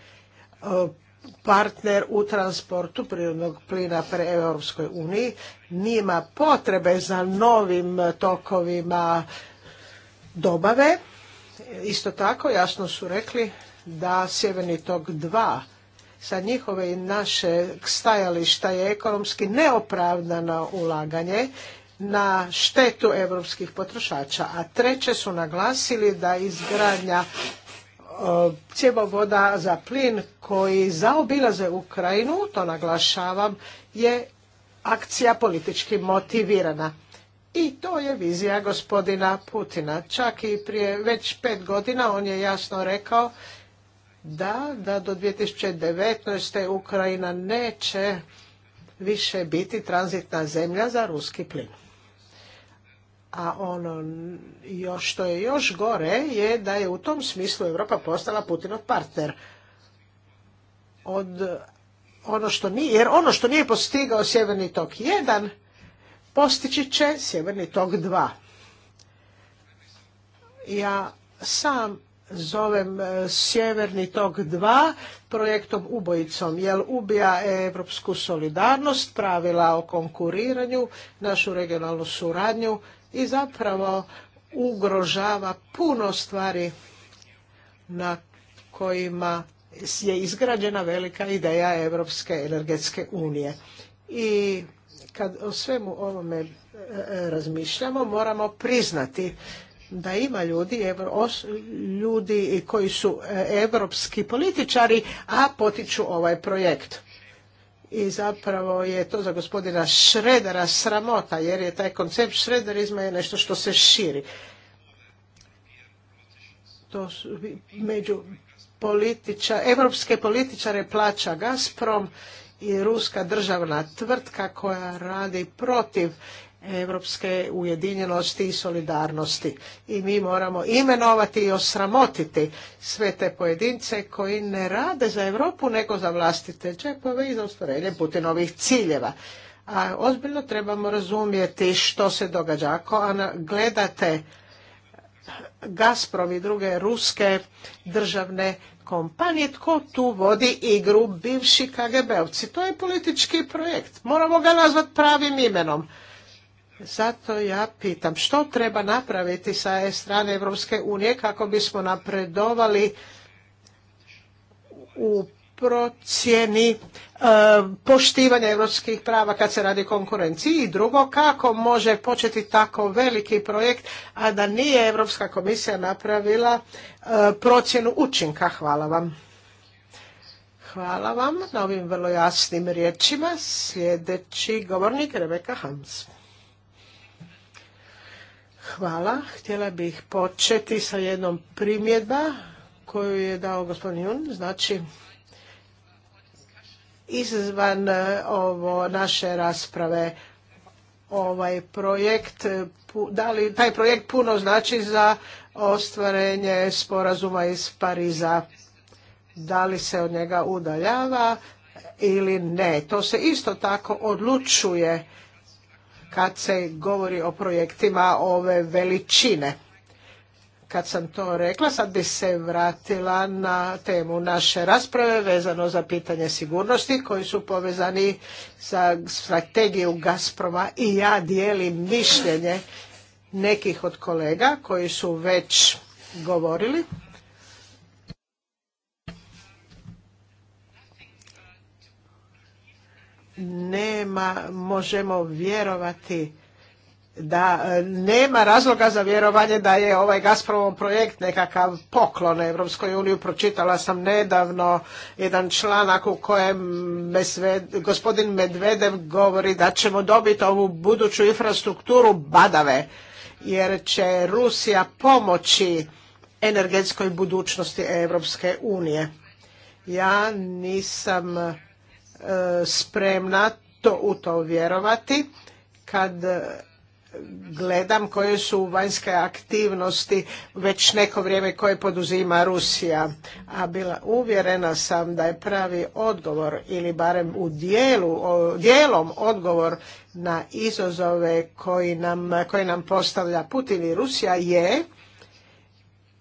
partner u transportu prirodnog plina pre Europskoj uniji. Nima potrebe za novim tokovima dobave. Isto tako jasno su rekli da Sjeverni tok 2 sa njihove i naše stajališta je ekonomski neopravdano ulaganje na štetu europskih potrošača. A treće su naglasili da izgradnja e, cjevovoda za plin koji zaobilaze Ukrajinu, to naglašavam, je akcija politički motivirana. I to je vizija gospodina Putina. Čak i prije već pet godina on je jasno rekao da, da do 2019. Ukrajina neće više biti tranzitna zemlja za ruski plin. A ono još, što je još gore je da je u tom smislu Europa postala Putinov partner. Od ono što nije, jer ono što nije postigao Sjeverni tok 1, postići će Sjeverni tok 2. Ja sam zovem e, Sjeverni tok 2 projektom ubojicom, jer ubija evropsku solidarnost, pravila o konkuriranju, našu regionalnu suradnju i zapravo ugrožava puno stvari na kojima je izgrađena velika ideja Europske energetske unije. I kad o svemu ovome e, razmišljamo, moramo priznati da ima ljudi, ljudi koji su europski političari, a potiču ovaj projekt i zapravo je to za gospodina Šredera sramota jer je taj koncept Šrederizma je nešto što se širi. To su među političa, evropske političare plaća Gazprom i ruska državna tvrtka koja radi protiv europske ujedinjenosti i solidarnosti. I mi moramo imenovati i osramotiti sve te pojedince koji ne rade za Europu nego za vlastite Čepove i za ostvarenje Putinovih ciljeva. A ozbiljno trebamo razumjeti što se događa. Ako gledate Gazprom i druge ruske državne kompanije, tko tu vodi igru bivši KGB-ovci. To je politički projekt. Moramo ga nazvati pravim imenom. Zato ja pitam što treba napraviti sa e strane Europske unije kako bismo napredovali u procjeni e, poštivanja europskih prava kad se radi konkurenciji i drugo kako može početi tako veliki projekt a da nije Europska komisija napravila e, procjenu učinka. Hvala vam. Hvala vam na ovim vrlo jasnim riječima. Sljedeći govornik Rebeka Hams. Hvala. Htjela bih početi sa jednom primjedba koju je dao gospodin Jun. Znači, izvan e, ovo naše rasprave ovaj projekt, da li taj projekt puno znači za ostvarenje sporazuma iz Pariza? Da li se od njega udaljava ili ne? To se isto tako odlučuje kad se govori o projektima ove veličine. Kad sam to rekla, sad bi se vratila na temu naše rasprave vezano za pitanje sigurnosti koji su povezani sa strategiju Gazproma i ja dijelim mišljenje nekih od kolega koji su već govorili nema, možemo vjerovati da e, nema razloga za vjerovanje da je ovaj Gazpromov projekt nekakav poklon Evropskoj uniji. Pročitala sam nedavno jedan članak u kojem gospodin Medvedev govori da ćemo dobiti ovu buduću infrastrukturu badave jer će Rusija pomoći energetskoj budućnosti Europske unije. Ja nisam spremna to, u to vjerovati kad gledam koje su vanjske aktivnosti već neko vrijeme koje poduzima Rusija. A bila uvjerena sam da je pravi odgovor ili barem u dijelu, dijelom odgovor na izazove koji nam, koje nam postavlja Putin i Rusija je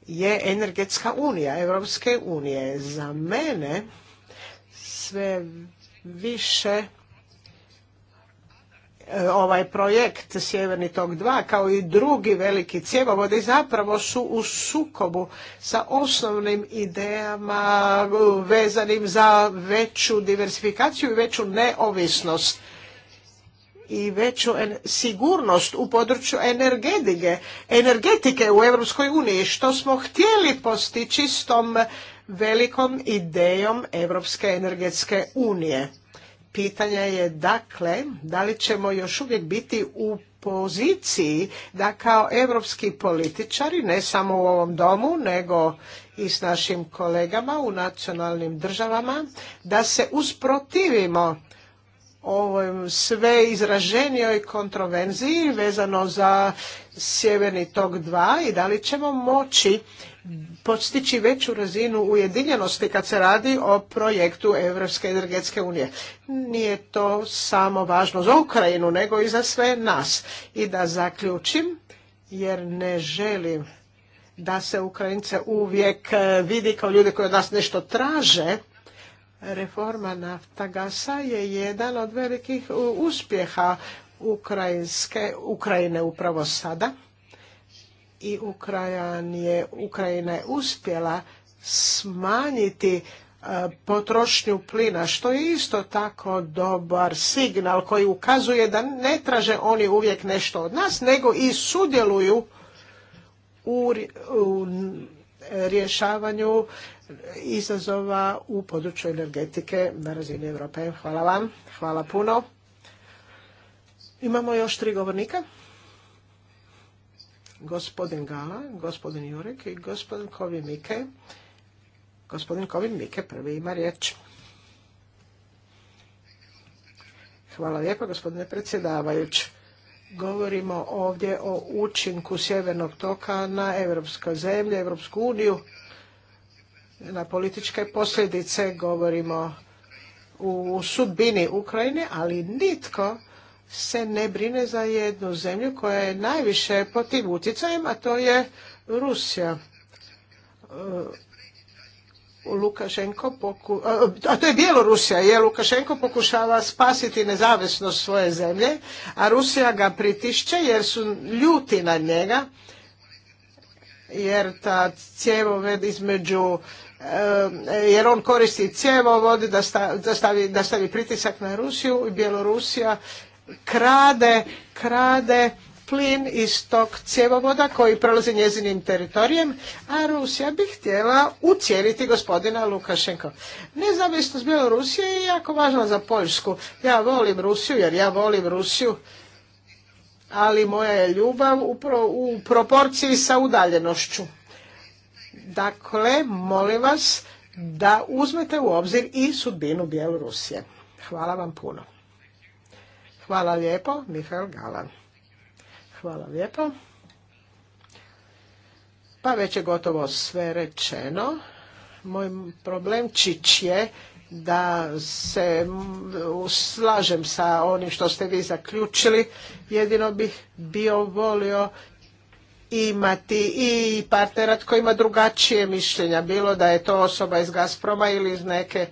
je energetska unija, Europske unije. Za mene sve više e, ovaj projekt Sjeverni tok 2 kao i drugi veliki cjevovodi zapravo su u sukobu sa osnovnim idejama vezanim za veću diversifikaciju i veću neovisnost i veću sigurnost u području energetike, energetike u Europskoj uniji, što smo htjeli postići s tom velikom idejom Europske energetske unije. Pitanje je dakle da li ćemo još uvijek biti u poziciji da kao europski političari, ne samo u ovom domu, nego i s našim kolegama u nacionalnim državama, da se usprotivimo ovoj sve izraženijoj kontrovenziji vezano za Sjeverni tok 2 i da li ćemo moći postići veću razinu ujedinjenosti kad se radi o projektu Europske energetske unije. Nije to samo važno za Ukrajinu, nego i za sve nas. I da zaključim, jer ne želim da se Ukrajince uvijek e, vidi kao ljudi koji od nas nešto traže, reforma Naftagasa je jedan od velikih e, uspjeha Ukrajine upravo sada i Ukrajina je uspjela smanjiti e, potrošnju plina, što je isto tako dobar signal koji ukazuje da ne traže oni uvijek nešto od nas, nego i sudjeluju u, rješavanju izazova u području energetike na razini Europe. Hvala vam, hvala puno. Imamo još tri govornika gospodin Gala, gospodin Jurek i gospodin Kovi Mike. Gospodin Kovin Mike prvi ima riječ. Hvala lijepa gospodine predsjedavajući. Govorimo ovdje o učinku sjevernog toka na Evropsku zemlje, Evropsku uniju, na političke posljedice govorimo u sudbini Ukrajine, ali nitko se ne brine za jednu zemlju koja je najviše pod tim utjecajem, a to je Rusija. E, Lukašenko poku... E, a to je Bjelorusija, jer Lukašenko pokušava spasiti nezavisnost svoje zemlje, a Rusija ga pritišće jer su ljuti na njega, jer ta cjevovod između e, jer on koristi cjevovod da da stavi pritisak na Rusiju i Bjelorusija krade, krade plin iz tog cjevovoda koji prolazi njezinim teritorijem, a Rusija bi htjela ucijeniti gospodina Lukašenko. Nezavisnost Bjelorusije je jako važna za Poljsku. Ja volim Rusiju jer ja volim Rusiju, ali moja je ljubav u proporciji sa udaljenošću. Dakle, molim vas da uzmete u obzir i sudbinu Bjelorusije. Hvala vam puno. Hvala lijepo, Mihael Galan. Hvala lijepo. Pa već je gotovo sve rečeno. Moj problemčić je da se slažem sa onim što ste vi zaključili. Jedino bih bio volio imati i partnera koji ima drugačije mišljenja, bilo da je to osoba iz Gazproma ili iz neke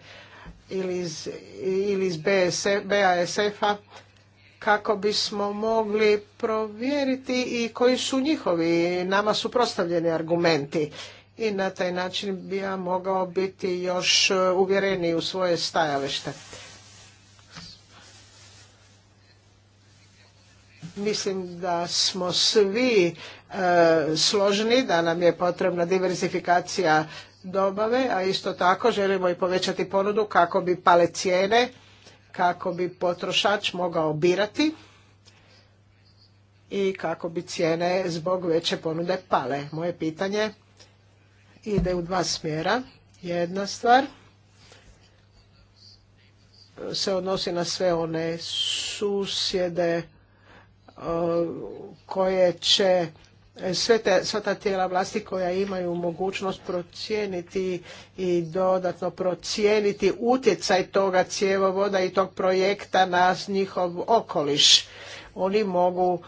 ili iz, ili iz BASF-a kako bismo mogli provjeriti i koji su njihovi nama suprostavljeni argumenti i na taj način bi ja mogao biti još uvjereniji u svoje stajalište. Mislim da smo svi e, složni da nam je potrebna diversifikacija dobave, a isto tako želimo i povećati ponudu kako bi pale cijene kako bi potrošač mogao birati i kako bi cijene zbog veće ponude pale. Moje pitanje ide u dva smjera. Jedna stvar se odnosi na sve one susjede koje će sve te, sva ta tijela vlasti koja imaju mogućnost procijeniti i dodatno procijeniti utjecaj toga cjevovoda i tog projekta na njihov okoliš. Oni mogu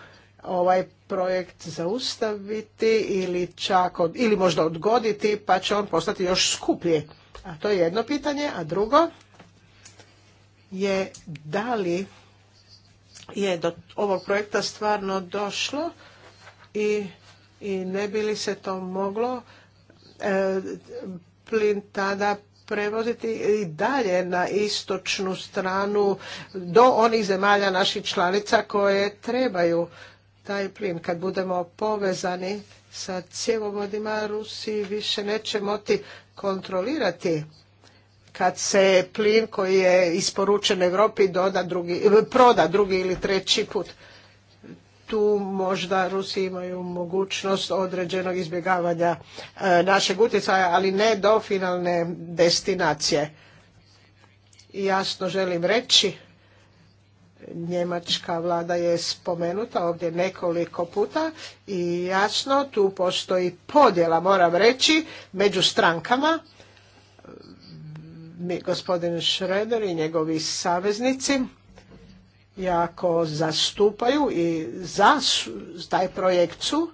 ovaj projekt zaustaviti ili čak od, ili možda odgoditi pa će on postati još skuplji. A to je jedno pitanje, a drugo je da li je do ovog projekta stvarno došlo i, i ne bi li se to moglo e, plin tada prevoziti i dalje na istočnu stranu do onih zemalja naših članica koje trebaju taj plin. Kad budemo povezani sa cjevovodima Rusi više neće moći kontrolirati kad se plin koji je isporučen Europi doda drugi, proda drugi ili treći put tu možda Rusi imaju mogućnost određenog izbjegavanja e, našeg utjecaja, ali ne do finalne destinacije. Jasno želim reći, njemačka vlada je spomenuta ovdje nekoliko puta i jasno tu postoji podjela, moram reći, među strankama. Gospodin Šreder i njegovi saveznici jako zastupaju i za taj projekt su,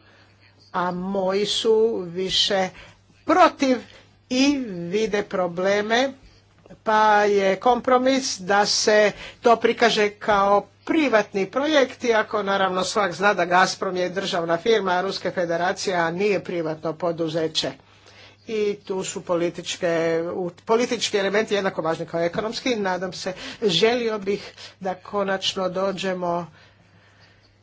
a moji su više protiv i vide probleme, pa je kompromis da se to prikaže kao privatni projekt, iako naravno svak zna da Gazprom je državna firma, a Ruske federacija nije privatno poduzeće i tu su političke, politički elementi jednako važni kao ekonomski. Nadam se, želio bih da konačno dođemo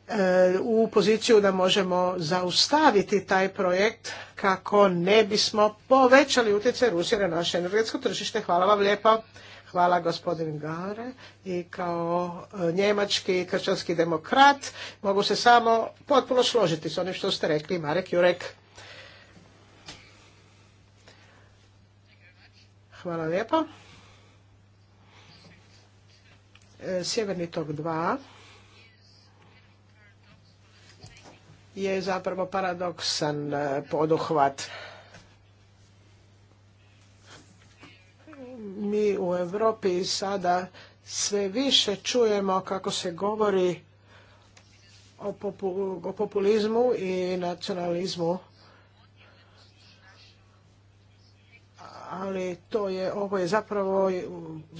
e, u poziciju da možemo zaustaviti taj projekt kako ne bismo povećali utjecaj Rusije na naše energetsko tržište. Hvala vam lijepa. Hvala gospodin Gare i kao e, njemački kršćanski demokrat mogu se samo potpuno složiti s onim što ste rekli Marek Jurek. Hvala lijepo. E, Sjeverni tok 2 je zapravo paradoksan e, poduhvat. Mi u Europi sada sve više čujemo kako se govori o populizmu i nacionalizmu ali to je, ovo je zapravo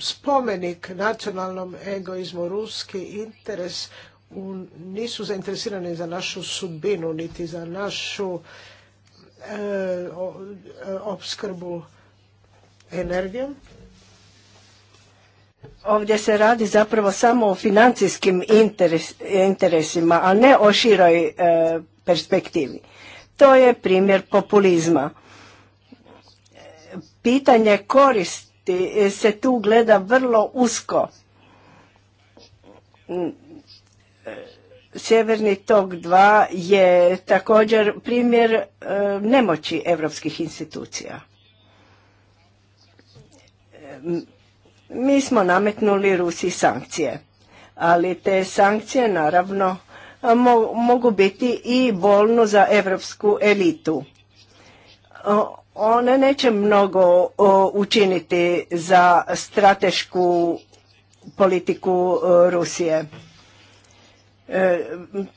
spomenik nacionalnom egoizmu. Ruski interes u, nisu zainteresirani za našu sudbinu, niti za našu e, e opskrbu energijom. Ovdje se radi zapravo samo o financijskim interesima, a ne o široj e, perspektivi. To je primjer populizma pitanje koristi se tu gleda vrlo usko. Sjeverni tok 2 je također primjer e, nemoći evropskih institucija. Mi smo nametnuli Rusiji sankcije, ali te sankcije naravno mogu biti i bolno za evropsku elitu. One neće mnogo učiniti za stratešku politiku Rusije. E,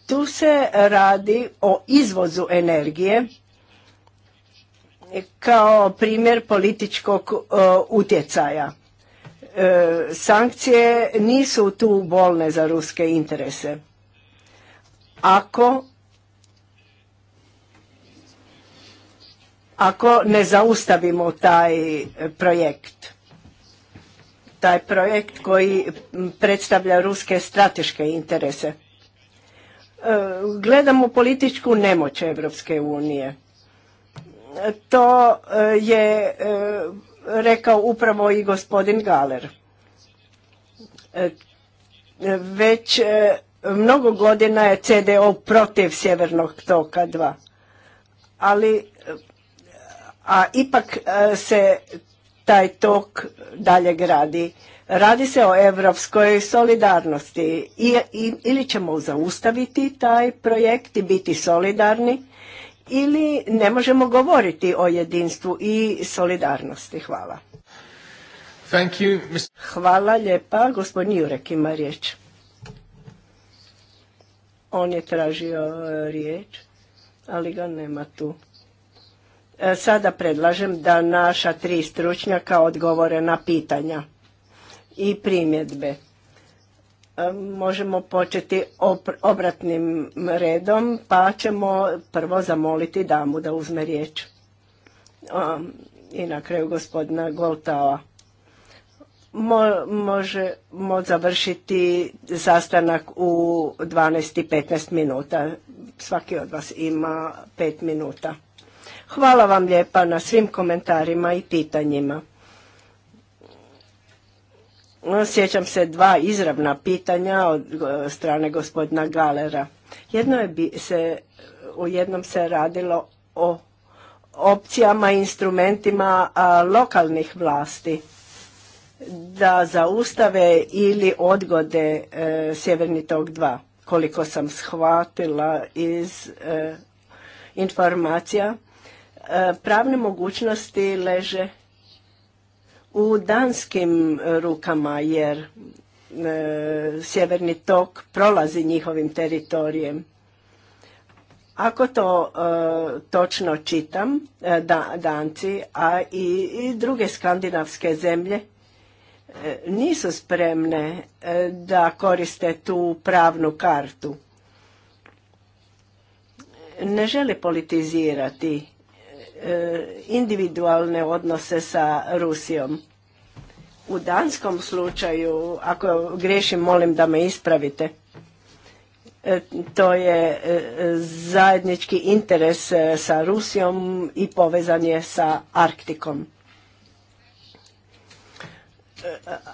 tu se radi o izvozu energije kao primjer političkog utjecaja. E, sankcije nisu tu bolne za ruske interese. Ako ako ne zaustavimo taj projekt. Taj projekt koji predstavlja ruske strateške interese. E, gledamo političku nemoć Evropske unije. To e, je e, rekao upravo i gospodin Galer. Već mnogo godina je CDO protiv Sjevernog toka 2. Ali a ipak e, se taj tok dalje gradi. Radi se o evropskoj solidarnosti I, ili ćemo zaustaviti taj projekt i biti solidarni ili ne možemo govoriti o jedinstvu i solidarnosti. Hvala. Thank you, Hvala lijepa. Gospodin Jurek ima riječ. On je tražio e, riječ, ali ga nema tu. E, sada predlažem da naša tri stručnjaka odgovore na pitanja i primjedbe. E, možemo početi obratnim redom, pa ćemo prvo zamoliti damu da uzme riječ. E, I na kraju gospodina Goltao. možemo završiti sastanak u 12 i 15 minuta. Svaki od vas ima 5 minuta. Hvala vam lijepa na svim komentarima i pitanjima. Sjećam se dva izravna pitanja od e, strane gospodina Galera. Jedno je bi se, u jednom se radilo o opcijama i instrumentima lokalnih vlasti da zaustave ili odgode e, Sjeverni tok 2. Koliko sam shvatila iz e, informacija, E, pravne mogućnosti leže u danskim rukama jer e, sjeverni tok prolazi njihovim teritorijem. Ako to e, točno čitam, da, Danci, a i, druge skandinavske zemlje nisu spremne da koriste tu pravnu kartu. Ne žele politizirati E, individualne odnose sa Rusijom. U danskom slučaju, ako grešim, molim da me ispravite, e, to je e, zajednički interes sa Rusijom i povezan je sa Arktikom.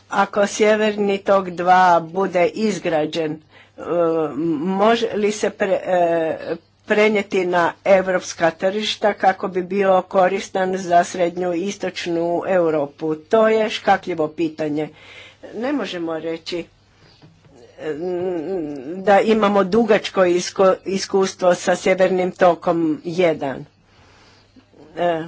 Ako sjeverni tok dva bude izgrađen, može li se pre, prenijeti na europska tržišta kako bi bio koristan za srednju i istočnu Europu. To je škakljivo pitanje. Ne možemo reći e, da imamo dugačko iskustvo sa sjevernim tokom 1. E,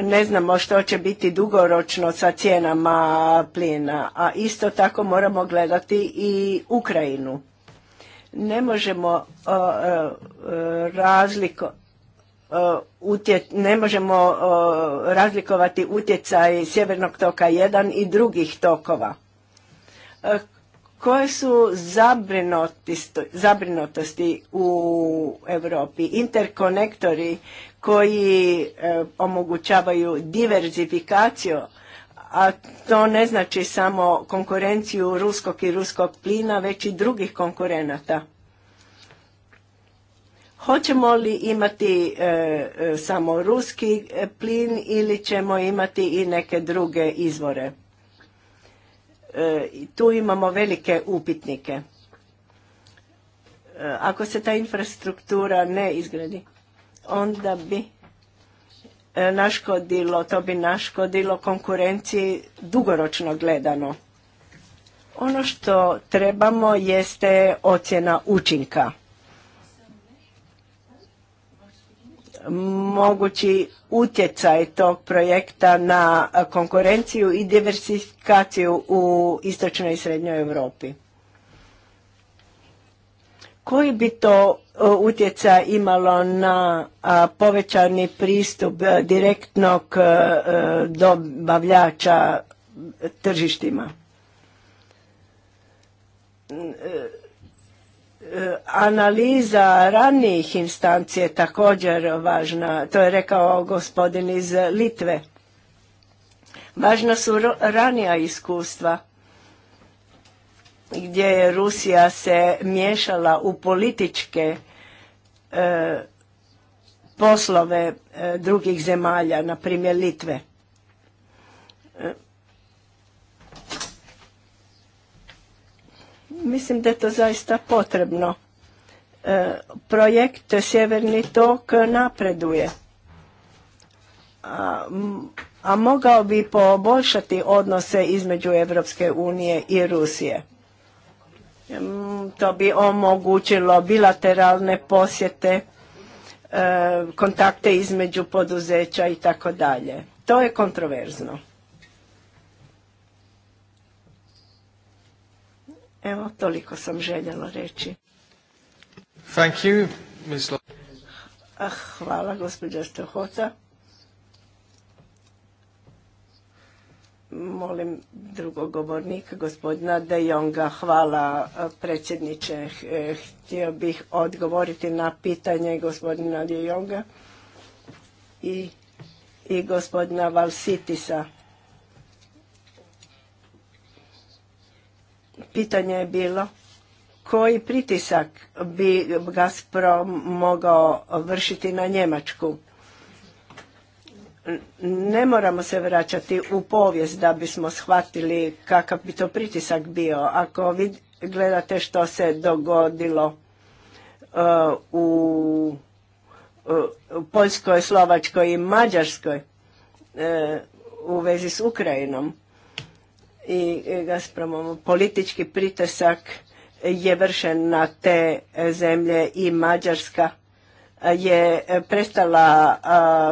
ne znamo što će biti dugoročno sa cijenama plina, a isto tako moramo gledati i Ukrajinu. Ne možemo razliko, ne možemo razlikovati utjecaj Sjevernog toka 1 i drugih tokova. E, koje su zabrinotosti u Europi? Interkonektori koji e, omogućavaju diverzifikaciju a to ne znači samo konkurenciju ruskog i ruskog plina, već i drugih konkurenata. Hoćemo li imati e, e, samo ruski e, plin ili ćemo imati i neke druge izvore? E, tu imamo velike upitnike. ako se ta infrastruktura ne izgradi, onda bi E, naškodilo, to bi naškodilo konkurenciji dugoročno gledano. Ono što trebamo jeste ocjena učinka. Mogući utjecaj tog projekta na konkurenciju i diversifikaciju u istočnoj i srednjoj Europi. Koji bi to e, utjeca imalo na povećani pristup e, direktnog e, dobavljača tržištima? Analiza ranijih instanci je također važna, to je rekao gospodin iz Litve. Važna su ranija iskustva gdje je Rusija se miješala u političke e, poslove e, drugih zemalja, na primjer Litve. E, mislim da je to zaista potrebno. Projekt Sjeverni tok napreduje. A, a mogao bi poboljšati odnose između Europske unije i Rusije. To bi omogućilo bilateralne posjete, e, kontakte između poduzeća i tako dalje. To je kontroverzno. Evo, toliko sam željela reći. Thank you, Ms. Ah, hvala, gospođa Stohota. Molim drugog govornika, gospodina De Jonga. Hvala eh, predsjedniče. Eh, htio bih odgovoriti na pitanje gospodina De Jonga i, i gospodina Valsitisa. Pitanje je bilo koji pritisak bi Gazprom mogao vršiti na Njemačku ne moramo se vraćati u povijest da bismo shvatili kakav bi to pritisak bio. Ako vi gledate što se dogodilo uh, uh, u, Poljskoj, Slovačkoj i Mađarskoj uh, u vezi s Ukrajinom i Gazpromom, politički pritisak je vršen na te zemlje i Mađarska je prestala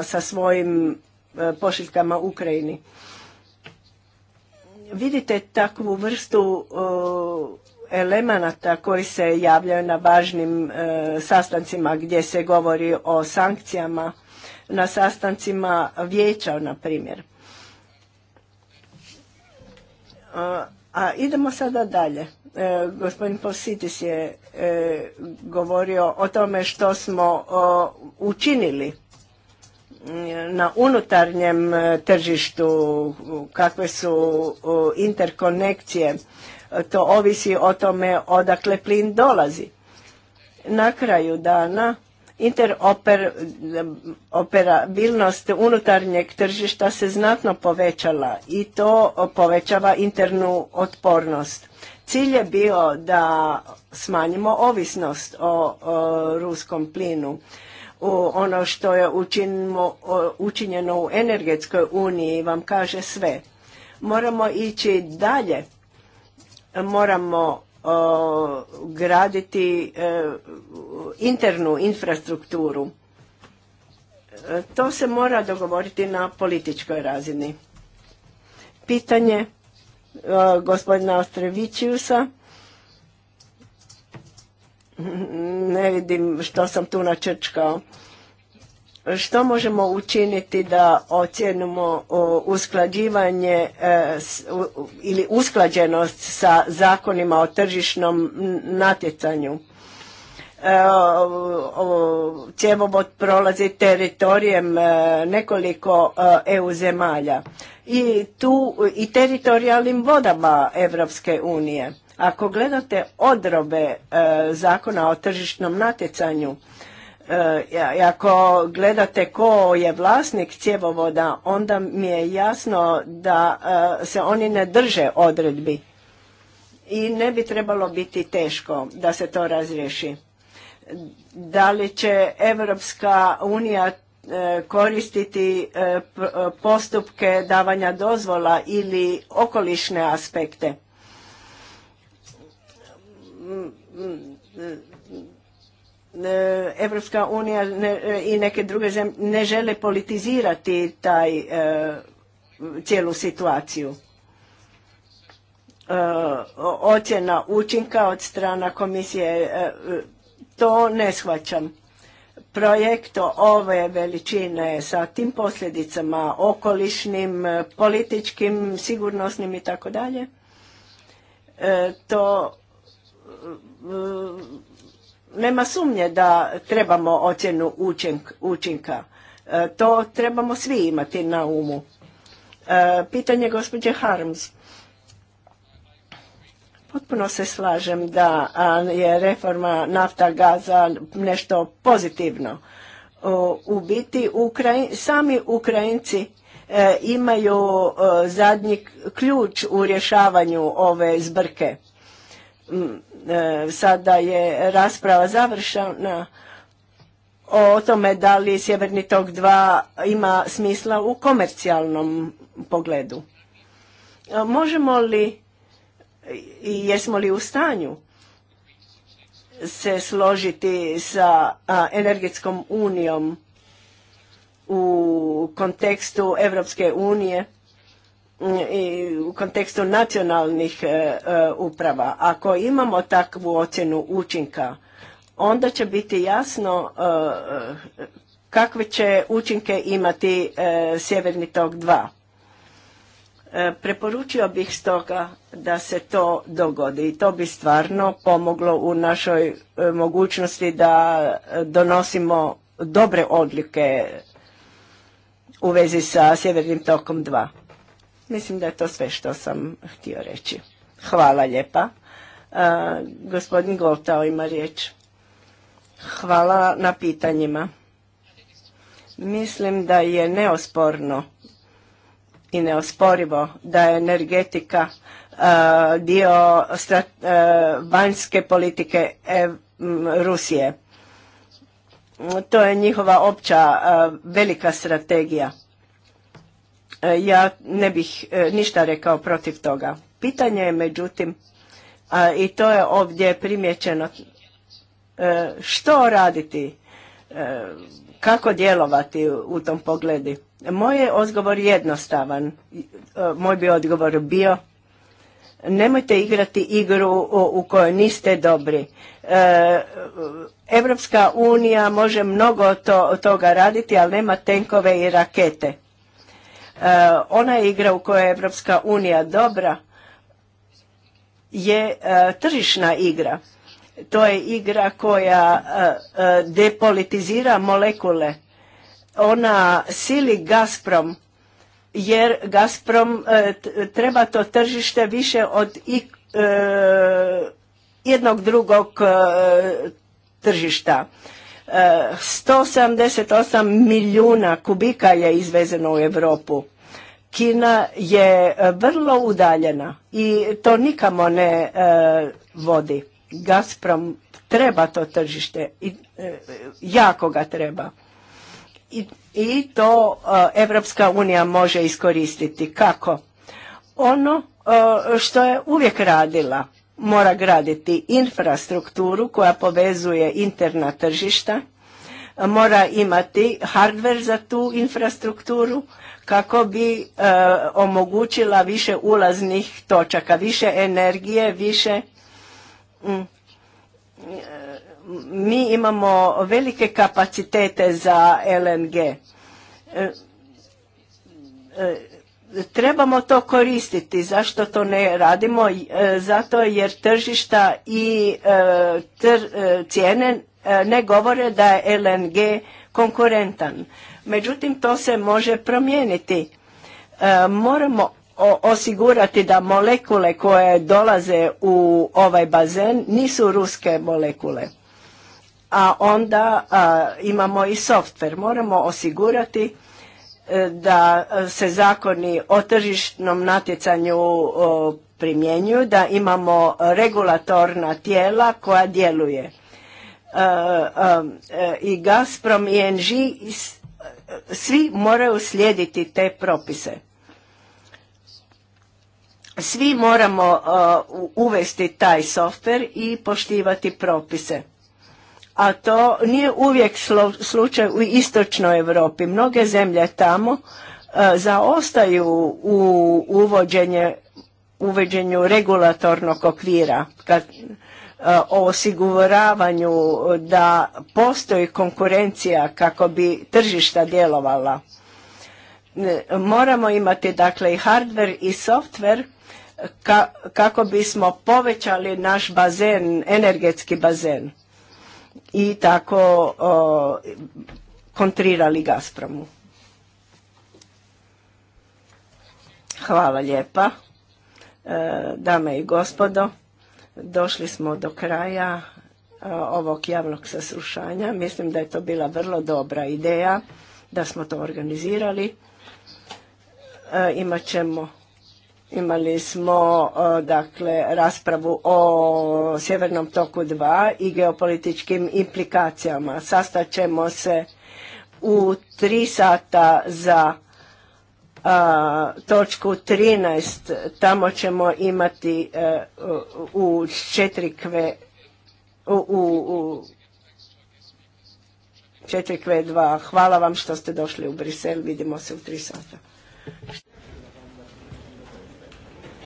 sa svojim pošiljkama Ukrajini. Vidite takvu vrstu elemenata koji se javljaju na važnim e, sastancima gdje se govori o sankcijama, na sastancima vijeća, na primjer a idemo sada dalje. E, gospodin Positis je e, govorio o tome što smo učinili mm, na unutarnjem e, tržištu, kakve su interkonekcije. To ovisi o tome odakle plin dolazi. Na kraju dana Interoperabilnost unutarnjeg tržišta se znatno povećala i to povećava internu otpornost. Cilj je bio da smanjimo ovisnost o, ruskom plinu. U ono što je učinimo, učinjeno u energetskoj uniji vam kaže sve. Moramo ići dalje. Moramo graditi e, internu infrastrukturu. E, to se mora dogovoriti na političkoj razini. Pitanje e, gospodina Ostrevićijusa. Ne vidim što sam tu načrčkao. Što možemo učiniti da ocjenimo usklađivanje e, ili usklađenost sa zakonima o tržišnom natjecanju? cjevovod prolazi teritorijem e, nekoliko e, EU zemalja i tu i teritorijalnim vodama Europske unije. Ako gledate odrobe zakona o tržišnom natjecanju, E, ako gledate ko je vlasnik cjevovoda, onda mi je jasno da e, se oni ne drže odredbi i ne bi trebalo biti teško da se to razriješi. Da li će Evropska unija e, koristiti e, postupke davanja dozvola ili okolišne aspekte? E, Evropska unija e, i neke druge zemlje ne žele politizirati taj e, cijelu situaciju. Ocjena učinka od strana komisije, to ne shvaćam. Projekt ove veličine sa tim posljedicama, okolišnim, političkim, sigurnosnim i tako dalje, to nema sumnje da trebamo ocjenu učinka. E, to trebamo svi imati na umu. E, pitanje gospođe Harms. Potpuno se slažem da je reforma nafta gaza nešto pozitivno. U biti sami Ukrajinci e, imaju zadnji ključ u rješavanju ove zbrke. E, sada je rasprava završena o tome da li Sjeverni tok 2 ima smisla u komercijalnom pogledu. E, možemo li i jesmo li u stanju se složiti sa energetskom unijom u kontekstu Evropske unije i u kontekstu nacionalnih e, e, uprava. Ako imamo takvu ocjenu učinka, onda će biti jasno e, kakve će učinke imati Sjeverni tok 2. Preporučio bih stoga da se to dogodi i to bi stvarno pomoglo u našoj mogućnosti da donosimo dobre odlike u vezi sa Sjevernim tokom 2. Mislim da je to sve što sam htio reći. Hvala lijepa. E, gospodin Goltao ima riječ. Hvala na pitanjima. Mislim da je neosporno i neosporivo da je energetika e, dio e, vanjske politike Rusije. To je njihova opća velika strategija E, ja ne bih e, ništa rekao protiv toga. Pitanje je međutim, i to je ovdje primjećeno, e, što raditi, kako djelovati u tom pogledu. Moj je odgovor jednostavan. Moj bi odgovor bio nemojte igrati igru u kojoj niste dobri. Evropska unija može mnogo toga raditi, ali nema tenkove i rakete. Eh, ona igra u kojoj je Evropska unija dobra je eh, tržišna igra. To je igra koja eh, depolitizira molekule. Ona sili Gazprom jer Gazprom treba to tržište više od jednog drugog tržišta. 178 milijuna kubika je izvezeno u Europu. Kina je e, vrlo udaljena i to nikamo ne e, vodi. Gazprom treba to tržište i e, jako ga treba. I, to Evropska unija može iskoristiti. Kako? Ono što je uvijek radila – mora graditi infrastrukturu koja povezuje interna tržišta, mora imati hardver za tu infrastrukturu kako bi e, omogućila više ulaznih točaka, više energije, više... Mm, e, mi imamo velike kapacitete za LNG. E, e Trebamo to koristiti. Zašto to ne radimo? E, zato jer tržišta i e, e, cijene ne govore da je LNG konkurentan. Međutim, to se može promijeniti. Moramo osigurati da molekule koje dolaze u ovaj bazen nisu ruske molekule. A onda imamo i softver. Moramo osigurati E, da se zakoni o tržišnom natjecanju primjenjuju, da imamo regulatorna tijela koja djeluje. E, e, I Gazprom i NG svi moraju slijediti te propise. Svi moramo uvesti taj softver i poštivati propise a to nije uvijek slučaj u istočnoj Europi. Mnoge zemlje tamo e, zaostaju u uvođenje, uvođenju regulatornog okvira kad e, o osiguravanju da postoji konkurencija kako bi tržišta djelovala. E, moramo imati dakle i hardware i software kako bismo povećali naš bazen, energetski bazen i tako kontrirali Gazpromu. Hvala lijepa. E, dame i gospodo, došli smo do kraja e, ovog javnog saslušanja. Mislim da je to bila vrlo dobra ideja da smo to organizirali. Imaćemo... imat ćemo Imali smo e, dakle raspravu o Sjevernom toku 2 i geopolitičkim implikacijama. ćemo se u tri sata za e, točku 13. Tamo ćemo imati e, u četirikve u, u, u Hvala vam što ste došli u Brisel. Vidimo se u tri sata.